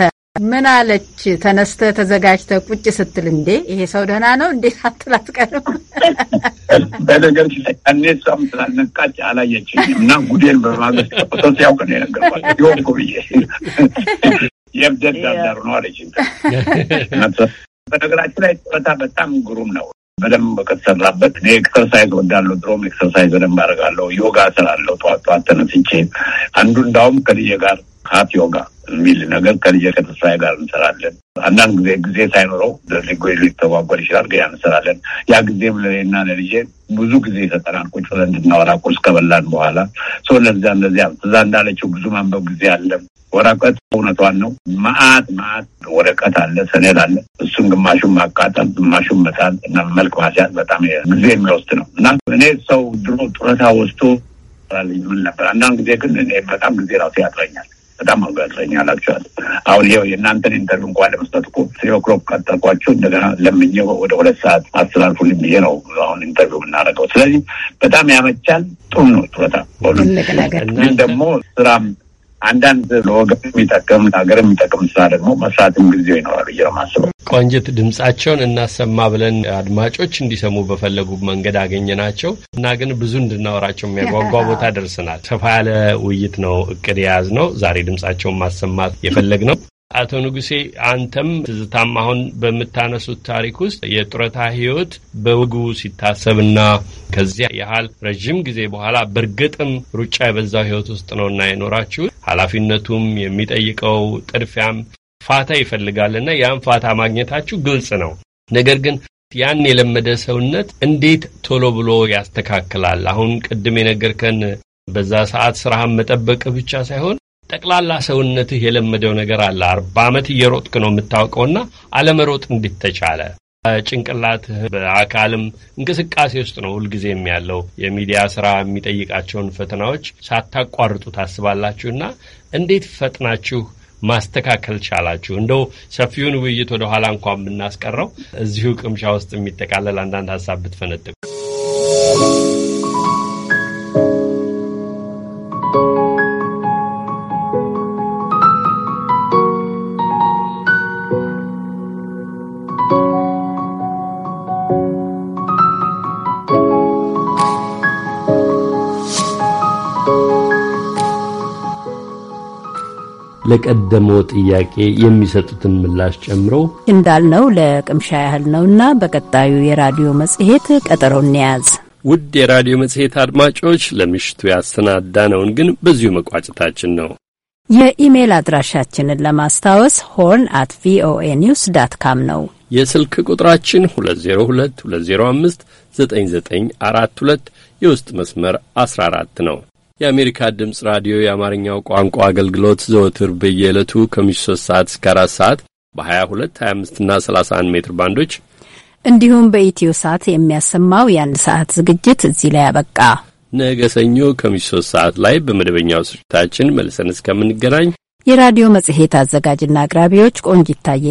ምን አለች? ተነስተ ተዘጋጅተ ቁጭ ስትል እንዴ ይሄ ሰው ደህና ነው እንዴት አትላት ቀርም በነገር እኔ እሷም ስላልነቃች አላየችኝ እና ጉዴን በማገስ ሰው ሲያውቅ ነው የነገርኳት ሆንኩ ብዬ የእብደት ነው አለች። [laughs] በነገራችን ላይ ጨዋታ በጣም ግሩም ነው። በደንብ ከተሰራበት እኔ ኤክሰርሳይዝ ወዳለሁ። ድሮም ኤክሰርሳይዝ በደንብ አደርጋለሁ። ዮጋ ስራለሁ። ጠዋት ጠዋት ተነስቼ አንዱ እንዳውም ከልጄ ጋር ሀት ዮጋ የሚል ነገር ከልጄ ከተስፋዬ ጋር እንሰራለን። አንዳንድ ጊዜ ጊዜ ሳይኖረው ሊጎይ ሊተጓጓል ይችላል፣ ግን እንሰራለን። ያ ጊዜም ለእኔና ለልጄ ብዙ ጊዜ ይሰጠናል። ቁጭ ብለን እንድናወራ ቁርስ ከበላን በኋላ ሰው ለዚያ እንደዚያ ትዛ እንዳለችው ብዙ ማንበብ ጊዜ አለም ወረቀት እውነቷን ነው። መአት መአት ወረቀት አለ፣ ሰነድ አለ። እሱን ግማሹን ማቃጠል፣ ግማሹን መሳል እና መልክ ማስያዝ በጣም ጊዜ የሚወስድ ነው እና እኔ ሰው ድሮ ጡረታ ወስዶ ምን ነበር። አንዳንድ ጊዜ ግን እኔ በጣም ጊዜ ራሱ ያጥረኛል፣ በጣም አጋ ያጥረኛል። አክቹዋሊ አሁን ይኸው የእናንተን ኢንተርቪው እንኳን ለመስጠት እኮ ስሪ ኦክሎክ ቀጠርኳቸው። እንደገና ለምኜ ወደ ሁለት ሰዓት አስተላልፉልኝ ብዬ ነው አሁን ኢንተርቪው የምናደርገው። ስለዚህ በጣም ያመቻል። ጥሩ ነው ጡረታ ግን ደግሞ ስራም አንዳንድ ለወገን የሚጠቅም ለሀገር የሚጠቅም ስራ ደግሞ መስራትም ጊዜው ይኖራል ብዬ ነው ቆንጅት ድምጻቸውን እናሰማ ብለን አድማጮች እንዲሰሙ በፈለጉ መንገድ አገኘናቸው እና ግን ብዙ እንድናወራቸው የሚያጓጓ [laughs] ቦታ ደርሰናል። ሰፋ ያለ ውይይት ነው እቅድ ነው ዛሬ ድምጻቸውን ማሰማት ነው። አቶ ንጉሴ አንተም ትዝታም አሁን በምታነሱት ታሪክ ውስጥ የጡረታ ህይወት በውጉ ሲታሰብና ከዚያ ያህል ረዥም ጊዜ በኋላ በእርግጥም ሩጫ የበዛው ህይወት ውስጥ ነውና የኖራችሁት ኃላፊነቱም የሚጠይቀው ጥድፊያም ፋታ ይፈልጋልና ያን ፋታ ማግኘታችሁ ግልጽ ነው። ነገር ግን ያን የለመደ ሰውነት እንዴት ቶሎ ብሎ ያስተካክላል? አሁን ቅድም የነገርከን በዛ ሰዓት ስራህን መጠበቅ ብቻ ሳይሆን ጠቅላላ ሰውነትህ የለመደው ነገር አለ። አርባ ዓመት እየሮጥክ ነው የምታውቀውና አለመሮጥ እንዴት ተቻለ? ጭንቅላትህ በአካልም እንቅስቃሴ ውስጥ ነው ሁልጊዜም ያለው። የሚዲያ ስራ የሚጠይቃቸውን ፈተናዎች ሳታቋርጡ ታስባላችሁና እንዴት ፈጥናችሁ ማስተካከል ቻላችሁ? እንደው ሰፊውን ውይይት ወደኋላ እንኳን ብናስቀረው እዚሁ ቅምሻ ውስጥ የሚጠቃለል አንዳንድ ሀሳብ ብትፈነጥቁ ለቀደመው ጥያቄ የሚሰጡትን ምላሽ ጨምሮ እንዳልነው ለቅምሻ ያህል ነውና በቀጣዩ የራዲዮ መጽሔት ቀጠሮ እንያዝ። ውድ የራዲዮ መጽሔት አድማጮች ለምሽቱ ያሰናዳነውን ግን በዚሁ መቋጨታችን ነው። የኢሜል አድራሻችንን ለማስታወስ ሆርን አት ቪኦኤ ኒውስ ዳት ካም ነው። የስልክ ቁጥራችን 2022059942 የውስጥ መስመር 14 ነው። የአሜሪካ ድምፅ ራዲዮ የአማርኛው ቋንቋ አገልግሎት ዘወትር በየዕለቱ ከምሽቱ 3 ሰዓት እስከ 4 ሰዓት በ22፣ 25 እና 31 ሜትር ባንዶች እንዲሁም በኢትዮ ሰዓት የሚያሰማው የአንድ ሰዓት ዝግጅት እዚህ ላይ አበቃ። ነገ ሰኞ ከምሽቱ 3 ሰዓት ላይ በመደበኛው ስርጭታችን መልሰን እስከምንገናኝ የራዲዮ መጽሔት አዘጋጅና አቅራቢዎች ቆንጂት ታዬ